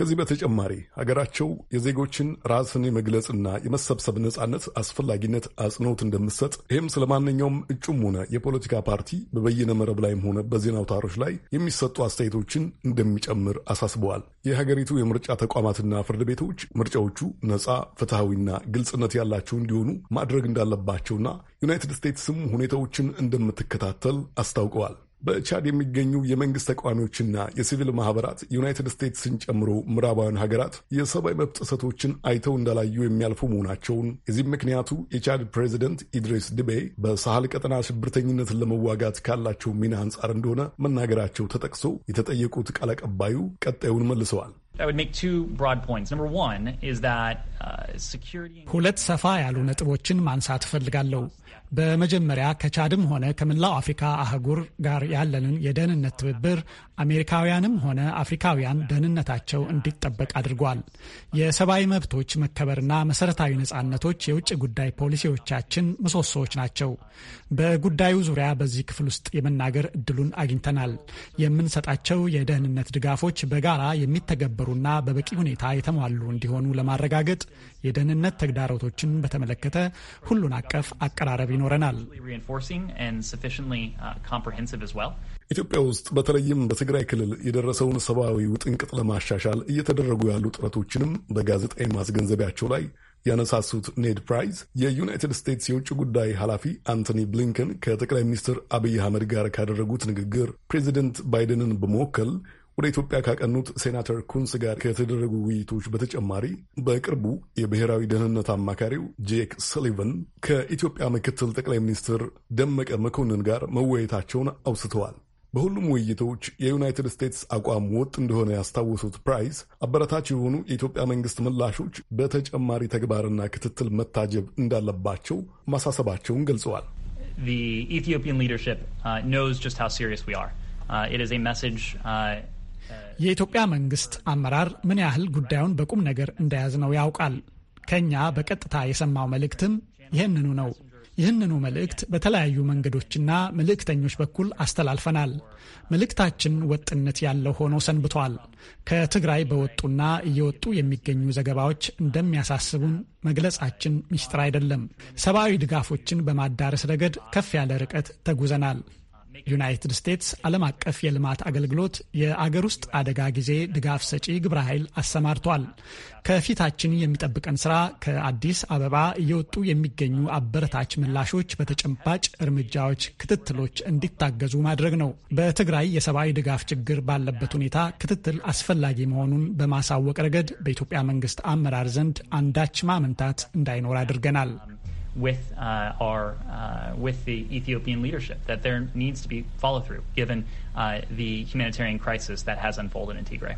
ከዚህ በተጨማሪ ሀገራቸው የዜጎችን ራስን የመግለጽና የመሰብሰብ ነጻነት አስፈላጊነት አጽንኦት እንደምትሰጥ ይህም ስለ ማንኛውም እጩም ሆነ የፖለቲካ ፓርቲ በበይነ መረብ ላይም ሆነ በዜና አውታሮች ላይ የሚሰጡ አስተያየቶችን እንደሚጨምር አሳስበዋል። የሀገሪቱ የምርጫ ተቋማትና ፍርድ ቤቶች ምርጫዎቹ ነጻ ፍትሐዊና ግልጽነት ያላቸው እንዲሆኑ ማድረግ እንዳለባቸውና ዩናይትድ ስቴትስም ሁኔታዎችን እንደምትከታተል አስታውቀዋል። በቻድ የሚገኙ የመንግስት ተቃዋሚዎችና የሲቪል ማህበራት ዩናይትድ ስቴትስን ጨምሮ ምዕራባውያን ሀገራት የሰብአዊ መብት ጥሰቶችን አይተው እንዳላዩ የሚያልፉ መሆናቸውን የዚህም ምክንያቱ የቻድ ፕሬዚደንት ኢድሪስ ድቤ በሳህል ቀጠና ሽብርተኝነትን ለመዋጋት ካላቸው ሚና አንጻር እንደሆነ መናገራቸው ተጠቅሶ የተጠየቁት ቃል አቀባዩ ቀጣዩን መልሰዋል። uh, ሁለት ሰፋ ያሉ ነጥቦችን ማንሳት እፈልጋለሁ። በመጀመሪያ ከቻድም ሆነ ከመላው አፍሪካ አህጉር ጋር ያለንን የደህንነት ትብብር አሜሪካውያንም ሆነ አፍሪካውያን ደህንነታቸው እንዲጠበቅ አድርጓል። የሰብአዊ መብቶች መከበርና መሰረታዊ ነጻነቶች የውጭ ጉዳይ ፖሊሲዎቻችን ምሰሶዎች ናቸው። በጉዳዩ ዙሪያ በዚህ ክፍል ውስጥ የመናገር እድሉን አግኝተናል። የምንሰጣቸው የደህንነት ድጋፎች በጋራ የሚተገበሩና በበቂ ሁኔታ የተሟሉ እንዲሆኑ ለማረጋገጥ የደህንነት ተግዳሮቶችን በተመለከተ ሁሉን አቀፍ አቀራረብ ይኖረናል። ኢትዮጵያ ውስጥ በተለይም በትግራይ ክልል የደረሰውን ሰብአዊ ውጥንቅጥ ለማሻሻል እየተደረጉ ያሉ ጥረቶችንም በጋዜጣዊ ማስገንዘቢያቸው ላይ ያነሳሱት ኔድ ፕራይዝ የዩናይትድ ስቴትስ የውጭ ጉዳይ ኃላፊ አንቶኒ ብሊንከን ከጠቅላይ ሚኒስትር አብይ አህመድ ጋር ካደረጉት ንግግር ፕሬዚደንት ባይደንን በመወከል ወደ ኢትዮጵያ ካቀኑት ሴናተር ኩንስ ጋር ከተደረጉ ውይይቶች በተጨማሪ በቅርቡ የብሔራዊ ደህንነት አማካሪው ጄክ ሰሊቨን ከኢትዮጵያ ምክትል ጠቅላይ ሚኒስትር ደመቀ መኮንን ጋር መወያየታቸውን አውስተዋል። በሁሉም ውይይቶች የዩናይትድ ስቴትስ አቋም ወጥ እንደሆነ ያስታወሱት ፕራይስ አበረታች የሆኑ የኢትዮጵያ መንግስት ምላሾች በተጨማሪ ተግባርና ክትትል መታጀብ እንዳለባቸው ማሳሰባቸውን ገልጸዋል። uh, uh, uh, የኢትዮጵያ መንግስት አመራር ምን ያህል ጉዳዩን በቁም ነገር እንደያዝ ነው ያውቃል። ከእኛ በቀጥታ የሰማው መልእክትም ይህንኑ ነው። ይህንኑ መልእክት በተለያዩ መንገዶችና መልእክተኞች በኩል አስተላልፈናል። መልእክታችን ወጥነት ያለው ሆኖ ሰንብቷል። ከትግራይ በወጡና እየወጡ የሚገኙ ዘገባዎች እንደሚያሳስቡን መግለጻችን ሚስጥር አይደለም። ሰብአዊ ድጋፎችን በማዳረስ ረገድ ከፍ ያለ ርቀት ተጉዘናል። ዩናይትድ ስቴትስ ዓለም አቀፍ የልማት አገልግሎት የአገር ውስጥ አደጋ ጊዜ ድጋፍ ሰጪ ግብረ ኃይል አሰማርቷል። ከፊታችን የሚጠብቀን ስራ ከአዲስ አበባ እየወጡ የሚገኙ አበረታች ምላሾች በተጨባጭ እርምጃዎች፣ ክትትሎች እንዲታገዙ ማድረግ ነው። በትግራይ የሰብአዊ ድጋፍ ችግር ባለበት ሁኔታ ክትትል አስፈላጊ መሆኑን በማሳወቅ ረገድ በኢትዮጵያ መንግስት አመራር ዘንድ አንዳች ማመንታት እንዳይኖር አድርገናል። with uh, our uh, with the Ethiopian leadership that there needs to be follow through given uh, the humanitarian crisis that has unfolded in Tigray.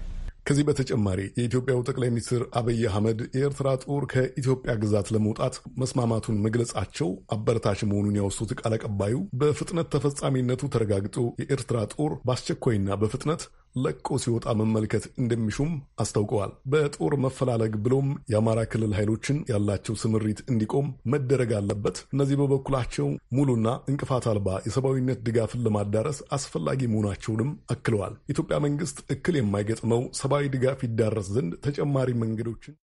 ከዚህ በተጨማሪ የኢትዮጵያው ጠቅላይ ሚኒስትር አብይ አህመድ የኤርትራ ጦር ከኢትዮጵያ ግዛት ለመውጣት መስማማቱን መግለጻቸው አበረታች መሆኑን ያወሱት ቃል አቀባዩ በፍጥነት ተፈጻሚነቱ ተረጋግጦ የኤርትራ ጦር በአስቸኳይና በፍጥነት ለቆ ሲወጣ መመልከት እንደሚሹም አስታውቀዋል። በጦር መፈላለግ ብሎም የአማራ ክልል ኃይሎችን ያላቸው ስምሪት እንዲቆም መደረግ አለበት። እነዚህ በበኩላቸው ሙሉና እንቅፋት አልባ የሰብአዊነት ድጋፍን ለማዳረስ አስፈላጊ መሆናቸውንም አክለዋል። ኢትዮጵያ መንግስት እክል የማይገጥመው ሰብአዊ ድጋፍ ይዳረስ ዘንድ ተጨማሪ መንገዶችን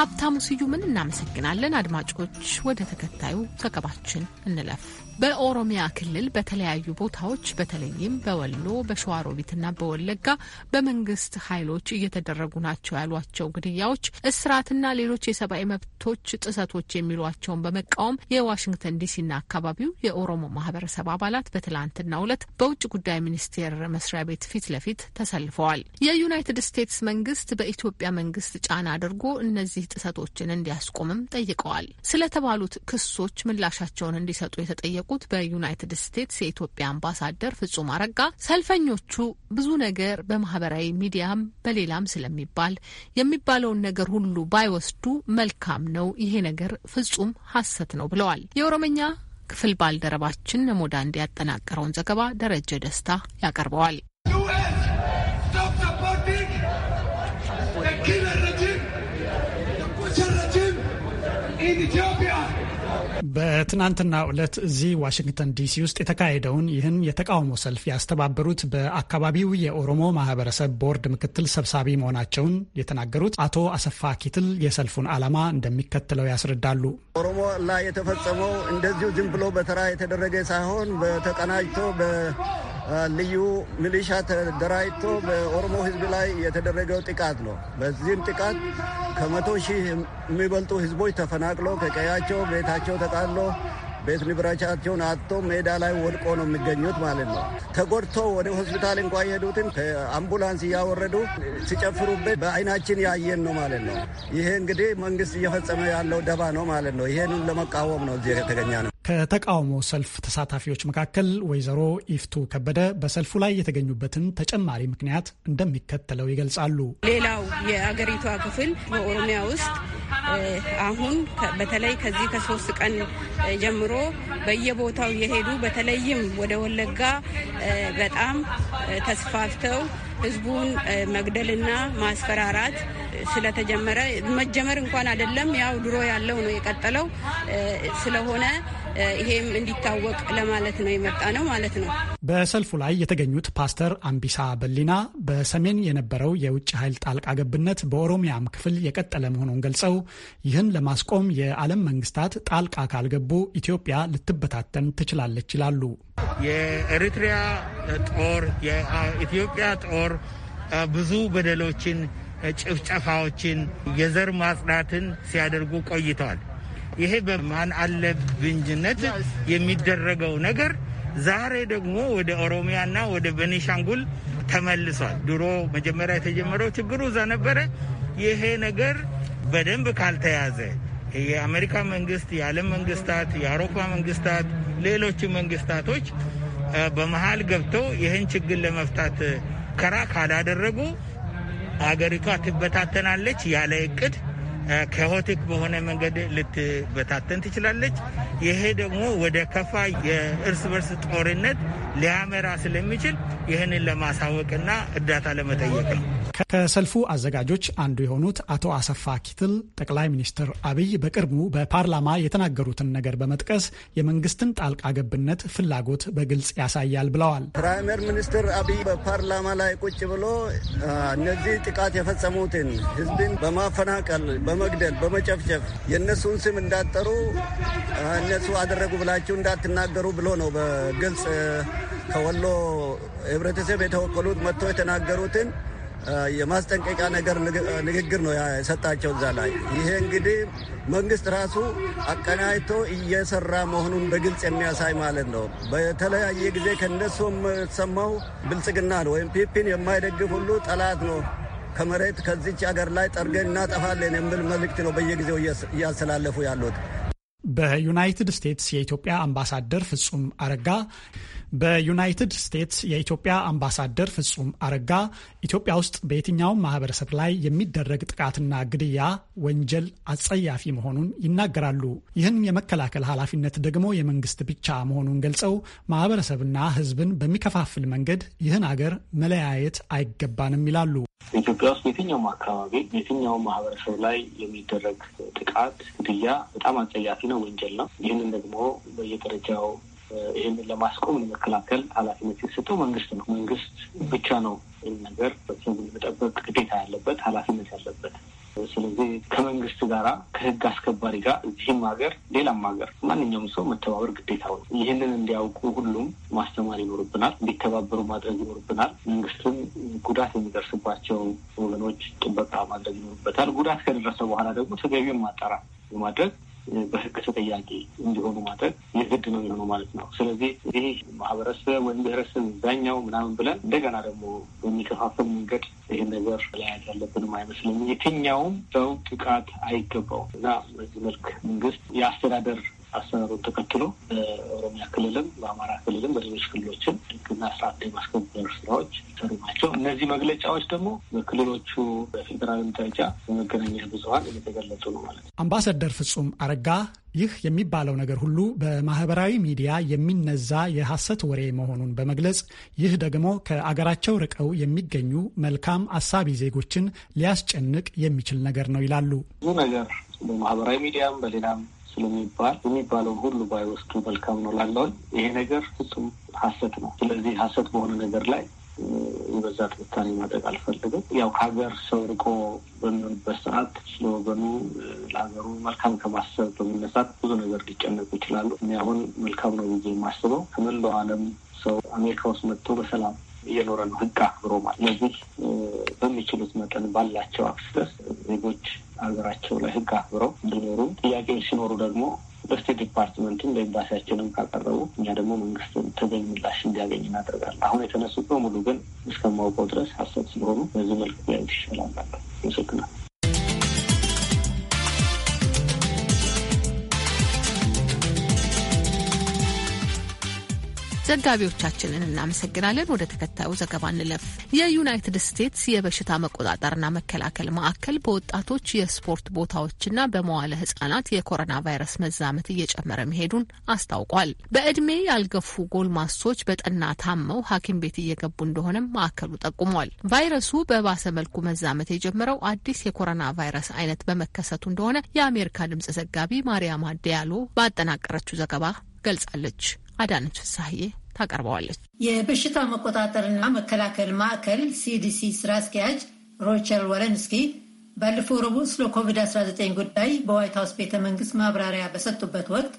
ሀብታሙ ስዩምን እናመሰግናለን። አድማጮች፣ ወደ ተከታዩ ዘገባችን እንለፍ። በኦሮሚያ ክልል በተለያዩ ቦታዎች በተለይም በወሎ በሸዋሮቢትና በወለጋ በመንግስት ኃይሎች እየተደረጉ ናቸው ያሏቸው ግድያዎች፣ እስራትና ሌሎች የሰብአዊ መብቶች ጥሰቶች የሚሏቸውን በመቃወም የዋሽንግተን ዲሲና አካባቢው የኦሮሞ ማህበረሰብ አባላት በትላንትናው ዕለት በውጭ ጉዳይ ሚኒስቴር መስሪያ ቤት ፊት ለፊት ተሰልፈዋል። የዩናይትድ ስቴትስ መንግስት በኢትዮጵያ መንግስት ጫና አድርጎ እነዚህ ጥሰቶችን እንዲያስቆምም ጠይቀዋል። ስለተባሉት ክሶች ምላሻቸውን እንዲሰጡ የተጠየቁ ያስታወቁት በዩናይትድ ስቴትስ የኢትዮጵያ አምባሳደር ፍጹም አረጋ ሰልፈኞቹ ብዙ ነገር በማህበራዊ ሚዲያም በሌላም ስለሚባል የሚባለውን ነገር ሁሉ ባይወስዱ መልካም ነው፣ ይሄ ነገር ፍጹም ሐሰት ነው ብለዋል። የኦሮምኛ ክፍል ባልደረባችን ነሞዳ እንዲያጠናቀረውን ያጠናቀረውን ዘገባ ደረጀ ደስታ ያቀርበዋል። ኢንዲያ በትናንትናው ዕለት እዚህ ዋሽንግተን ዲሲ ውስጥ የተካሄደውን ይህን የተቃውሞ ሰልፍ ያስተባበሩት በአካባቢው የኦሮሞ ማህበረሰብ ቦርድ ምክትል ሰብሳቢ መሆናቸውን የተናገሩት አቶ አሰፋ ኪትል የሰልፉን ዓላማ እንደሚከተለው ያስረዳሉ። ኦሮሞ ላይ የተፈጸመው እንደዚሁ ዝም ብሎ በተራ የተደረገ ሳይሆን በተቀናጅቶ በልዩ ሚሊሻ ተደራጅቶ በኦሮሞ ህዝብ ላይ የተደረገው ጥቃት ነው። በዚህም ጥቃት ከመቶ ሺህ የሚበልጡ ህዝቦች ተፈናቅለው ከቀያቸው ቤታቸው ያጣሉ። ቤት ንብረታቸውን አጥቶ ሜዳ ላይ ወድቆ ነው የሚገኙት ማለት ነው። ተጎድቶ ወደ ሆስፒታል እንኳ የሄዱትን ከአምቡላንስ እያወረዱ ሲጨፍሩበት በአይናችን ያየን ነው ማለት ነው። ይሄ እንግዲህ መንግስት እየፈጸመ ያለው ደባ ነው ማለት ነው። ይሄንን ለመቃወም ነው እዚህ የተገኘ ነው። ከተቃውሞ ሰልፍ ተሳታፊዎች መካከል ወይዘሮ ኢፍቱ ከበደ በሰልፉ ላይ የተገኙበትን ተጨማሪ ምክንያት እንደሚከተለው ይገልጻሉ። ሌላው የአገሪቷ ክፍል በኦሮሚያ ውስጥ አሁን በተለይ ከዚህ ከሶስት ቀን ጀምሮ በየቦታው የሄዱ በተለይም ወደ ወለጋ በጣም ተስፋፍተው ህዝቡን መግደልና ማስፈራራት ስለተጀመረ መጀመር እንኳን አይደለም፣ ያው ድሮ ያለው ነው የቀጠለው ስለሆነ ይሄም እንዲታወቅ ለማለት ነው የመጣ ነው ማለት ነው። በሰልፉ ላይ የተገኙት ፓስተር አምቢሳ በሊና በሰሜን የነበረው የውጭ ኃይል ጣልቃ ገብነት በኦሮሚያም ክፍል የቀጠለ መሆኑን ገልጸው ይህን ለማስቆም የዓለም መንግስታት ጣልቃ ካልገቡ ኢትዮጵያ ልትበታተን ትችላለች ይላሉ። የኤሪትሪያ ጦር የኢትዮጵያ ጦር ብዙ በደሎችን፣ ጭፍጨፋዎችን፣ የዘር ማጽዳትን ሲያደርጉ ቆይተዋል። ይሄ በማን ብንጅነት የሚደረገው ነገር ዛሬ ደግሞ ወደ ኦሮሚያና ወደ በኒሻንጉል ተመልሷል። ድሮ መጀመሪያ የተጀመረው ችግሩ እዛ ነበረ። ይሄ ነገር በደንብ ካልተያዘ የአሜሪካ መንግስት፣ የዓለም መንግስታት፣ የአውሮፓ መንግስታት፣ ሌሎች መንግስታቶች በመሀል ገብተው ይህን ችግር ለመፍታት ከራ ካላደረጉ አገሪቷ ትበታተናለች ያለ እቅድ ከሆቲክ በሆነ መንገድ ልትበታተን ትችላለች። ይሄ ደግሞ ወደ ከፋ የእርስ በርስ ጦርነት ሊያመራ ስለሚችል ይህንን ለማሳወቅና እርዳታ ለመጠየቅ ነው። ከሰልፉ አዘጋጆች አንዱ የሆኑት አቶ አሰፋ ኪትል ጠቅላይ ሚኒስትር አብይ በቅርቡ በፓርላማ የተናገሩትን ነገር በመጥቀስ የመንግስትን ጣልቃ ገብነት ፍላጎት በግልጽ ያሳያል ብለዋል። ፕራይመር ሚኒስትር አብይ በፓርላማ ላይ ቁጭ ብሎ እነዚህ ጥቃት የፈጸሙትን ህዝብን በማፈናቀል በመግደል በመጨፍጨፍ የእነሱን ስም እንዳጠሩ እነሱ አደረጉ ብላችሁ እንዳትናገሩ ብሎ ነው በግልጽ ከወሎ ህብረተሰብ የተወከሉት መጥቶ የተናገሩትን የማስጠንቀቂያ ነገር ንግግር ነው የሰጣቸው እዛ ላይ። ይሄ እንግዲህ መንግስት ራሱ አቀናጅቶ እየሰራ መሆኑን በግልጽ የሚያሳይ ማለት ነው። በተለያየ ጊዜ ከእነሱ የምሰማው ብልጽግና ነው ወይም ፒፒን የማይደግፍ ሁሉ ጠላት ነው ከመሬት ከዚች ሀገር ላይ ጠርገን እናጠፋለን የሚል መልእክት ነው በየጊዜው እያስተላለፉ ያሉት። በዩናይትድ ስቴትስ የኢትዮጵያ አምባሳደር ፍጹም አረጋ በዩናይትድ ስቴትስ የኢትዮጵያ አምባሳደር ፍጹም አረጋ ኢትዮጵያ ውስጥ በየትኛውም ማህበረሰብ ላይ የሚደረግ ጥቃትና ግድያ ወንጀል አጸያፊ መሆኑን ይናገራሉ። ይህን የመከላከል ኃላፊነት ደግሞ የመንግስት ብቻ መሆኑን ገልጸው ማህበረሰብና ሕዝብን በሚከፋፍል መንገድ ይህን አገር መለያየት አይገባንም ይላሉ። ኢትዮጵያ ውስጥ የትኛውም አካባቢ የትኛውም ማህበረሰብ ላይ የሚደረግ ጥቃት፣ ግድያ በጣም አጸያፊ ነው፣ ወንጀል ነው። ይህንን ደግሞ በየደረጃው ይህንን ለማስቆም ለመከላከል ኃላፊነት የተሰጠው መንግስት ነው። መንግስት ብቻ ነው ይህን ነገር መጠበቅ ግዴታ ያለበት ኃላፊነት ያለበት። ስለዚህ ከመንግስት ጋራ ከህግ አስከባሪ ጋር እዚህም ሀገር ሌላም ሀገር ማንኛውም ሰው መተባበር ግዴታ ነው። ይህንን እንዲያውቁ ሁሉም ማስተማር ይኖርብናል፣ እንዲተባበሩ ማድረግ ይኖርብናል። መንግስትም ጉዳት የሚደርስባቸው ወገኖች ጥበቃ ማድረግ ይኖርበታል። ጉዳት ከደረሰ በኋላ ደግሞ ተገቢውን ማጣራት ማድረግ በህግ ተጠያቂ እንዲሆኑ ማድረግ የግድ ነው የሚሆኑ ማለት ነው። ስለዚህ ይህ ማህበረሰብ ወይም ብሔረሰብ ዳኛው ምናምን ብለን እንደገና ደግሞ በሚከፋፈል መንገድ ይህ ነገር ላያት ያለብንም አይመስለኝም። የትኛውም ሰው ጥቃት አይገባውም እና በዚህ መልክ መንግስት የአስተዳደር አሰራሩን ተከትሎ በኦሮሚያ ክልልም በአማራ ክልልም በሌሎች ክልሎችም ህግና ስርዓት የማስከበር ስራዎች ይሰሩ ናቸው። እነዚህ መግለጫዎች ደግሞ በክልሎቹ በፌዴራል ደረጃ በመገናኛ ብዙኃን የተገለጹ ነው ማለት ነው። አምባሳደር ፍጹም አረጋ ይህ የሚባለው ነገር ሁሉ በማህበራዊ ሚዲያ የሚነዛ የሐሰት ወሬ መሆኑን በመግለጽ ይህ ደግሞ ከአገራቸው ርቀው የሚገኙ መልካም አሳቢ ዜጎችን ሊያስጨንቅ የሚችል ነገር ነው ይላሉ። ብዙ ነገር በማህበራዊ ሚዲያም በሌላም ስለሚባል የሚባለውን ሁሉ ባይወስዱ መልካም ነው ላለውን ይሄ ነገር ፍጹም ሀሰት ነው። ስለዚህ ሀሰት በሆነ ነገር ላይ የበዛ ትንታኔ ማድረግ አልፈልግም። ያው ከሀገር ሰው ርቆ በሚሆንበት ሰዓት ለወገኑ ለሀገሩ መልካም ከማሰብ በመነሳት ብዙ ነገር ሊጨነቁ ይችላሉ። እኔ አሁን መልካም ነው ብዬ የማስበው ከመላው ዓለም ሰው አሜሪካ ውስጥ መጥቶ በሰላም እየኖረ ነው ህግ አክብሮ ማለት። ስለዚህ በሚችሉት መጠን ባላቸው አክሰስ ዜጎች ሀገራቸው ላይ ህግ አክብረው እንዲኖሩ ጥያቄዎች ሲኖሩ ደግሞ በስቴት ዲፓርትመንትም በኤምባሲያችንም ካቀረቡ እኛ ደግሞ መንግስትን ተገኝ ምላሽ እንዲያገኝ እናደርጋለን። አሁን የተነሱት በሙሉ ግን እስከማውቀው ድረስ ሀሰት ስለሆኑ በዚህ መልክ ያዩት ይሻላል። አመሰግናለሁ። ዘጋቢዎቻችንን እናመሰግናለን። ወደ ተከታዩ ዘገባ እንለፍ። የዩናይትድ ስቴትስ የበሽታ መቆጣጠርና መከላከል ማዕከል በወጣቶች የስፖርት ቦታዎችና በመዋለ ህጻናት የኮሮና ቫይረስ መዛመት እየጨመረ መሄዱን አስታውቋል። በእድሜ ያልገፉ ጎልማሶች በጠና ታመው ሐኪም ቤት እየገቡ እንደሆነም ማዕከሉ ጠቁሟል። ቫይረሱ በባሰ መልኩ መዛመት የጀመረው አዲስ የኮሮና ቫይረስ አይነት በመከሰቱ እንደሆነ የአሜሪካ ድምጽ ዘጋቢ ማርያማ ዲያሎ ባጠናቀረችው ዘገባ ገልጻለች። አዳነች ፍሳሐዬ ታቀርበዋለች። የበሽታ መቆጣጠርና መከላከል ማዕከል ሲዲሲ ስራ አስኪያጅ ሮቸር ወለንስኪ ባለፈው ረቡዕ ስለ ኮቪድ-19 ጉዳይ በዋይት ሀውስ ቤተ መንግስት ማብራሪያ በሰጡበት ወቅት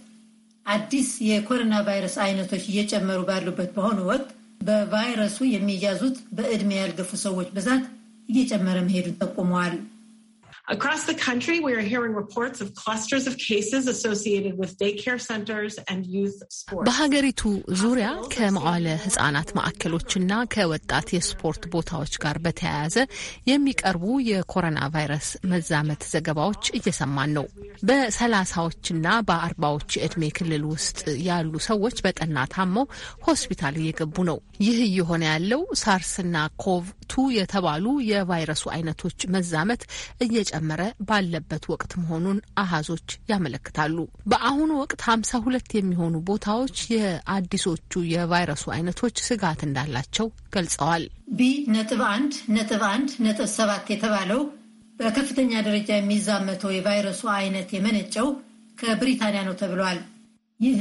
አዲስ የኮሮና ቫይረስ አይነቶች እየጨመሩ ባሉበት በሆኑ ወቅት በቫይረሱ የሚያዙት በዕድሜ ያልገፉ ሰዎች ብዛት እየጨመረ መሄዱን ጠቁመዋል። Across the country, we are hearing reports of clusters of cases associated with daycare centers and youth sports. በሀገሪቱ ዙሪያ ከመዋለ ህጻናት ማዕከሎችና ከወጣት የስፖርት ቦታዎች ጋር በተያያዘ የሚቀርቡ የኮሮና ቫይረስ መዛመት ዘገባዎች እየሰማን ነው። በሰላሳዎችና በአርባዎች የዕድሜ ክልል ውስጥ ያሉ ሰዎች በጠና ታመው ሆስፒታል እየገቡ ነው። ይህ እየሆነ ያለው ሳርስና ኮቭ ቱ የተባሉ የቫይረሱ አይነቶች መዛመት እየጨ እየጨመረ ባለበት ወቅት መሆኑን አሃዞች ያመለክታሉ። በአሁኑ ወቅት ሀምሳ ሁለት የሚሆኑ ቦታዎች የአዲሶቹ የቫይረሱ አይነቶች ስጋት እንዳላቸው ገልጸዋል። ቢ ነጥብ አንድ ነጥብ አንድ ነጥብ ሰባት የተባለው በከፍተኛ ደረጃ የሚዛመተው የቫይረሱ አይነት የመነጨው ከብሪታንያ ነው ተብሏል። ይህ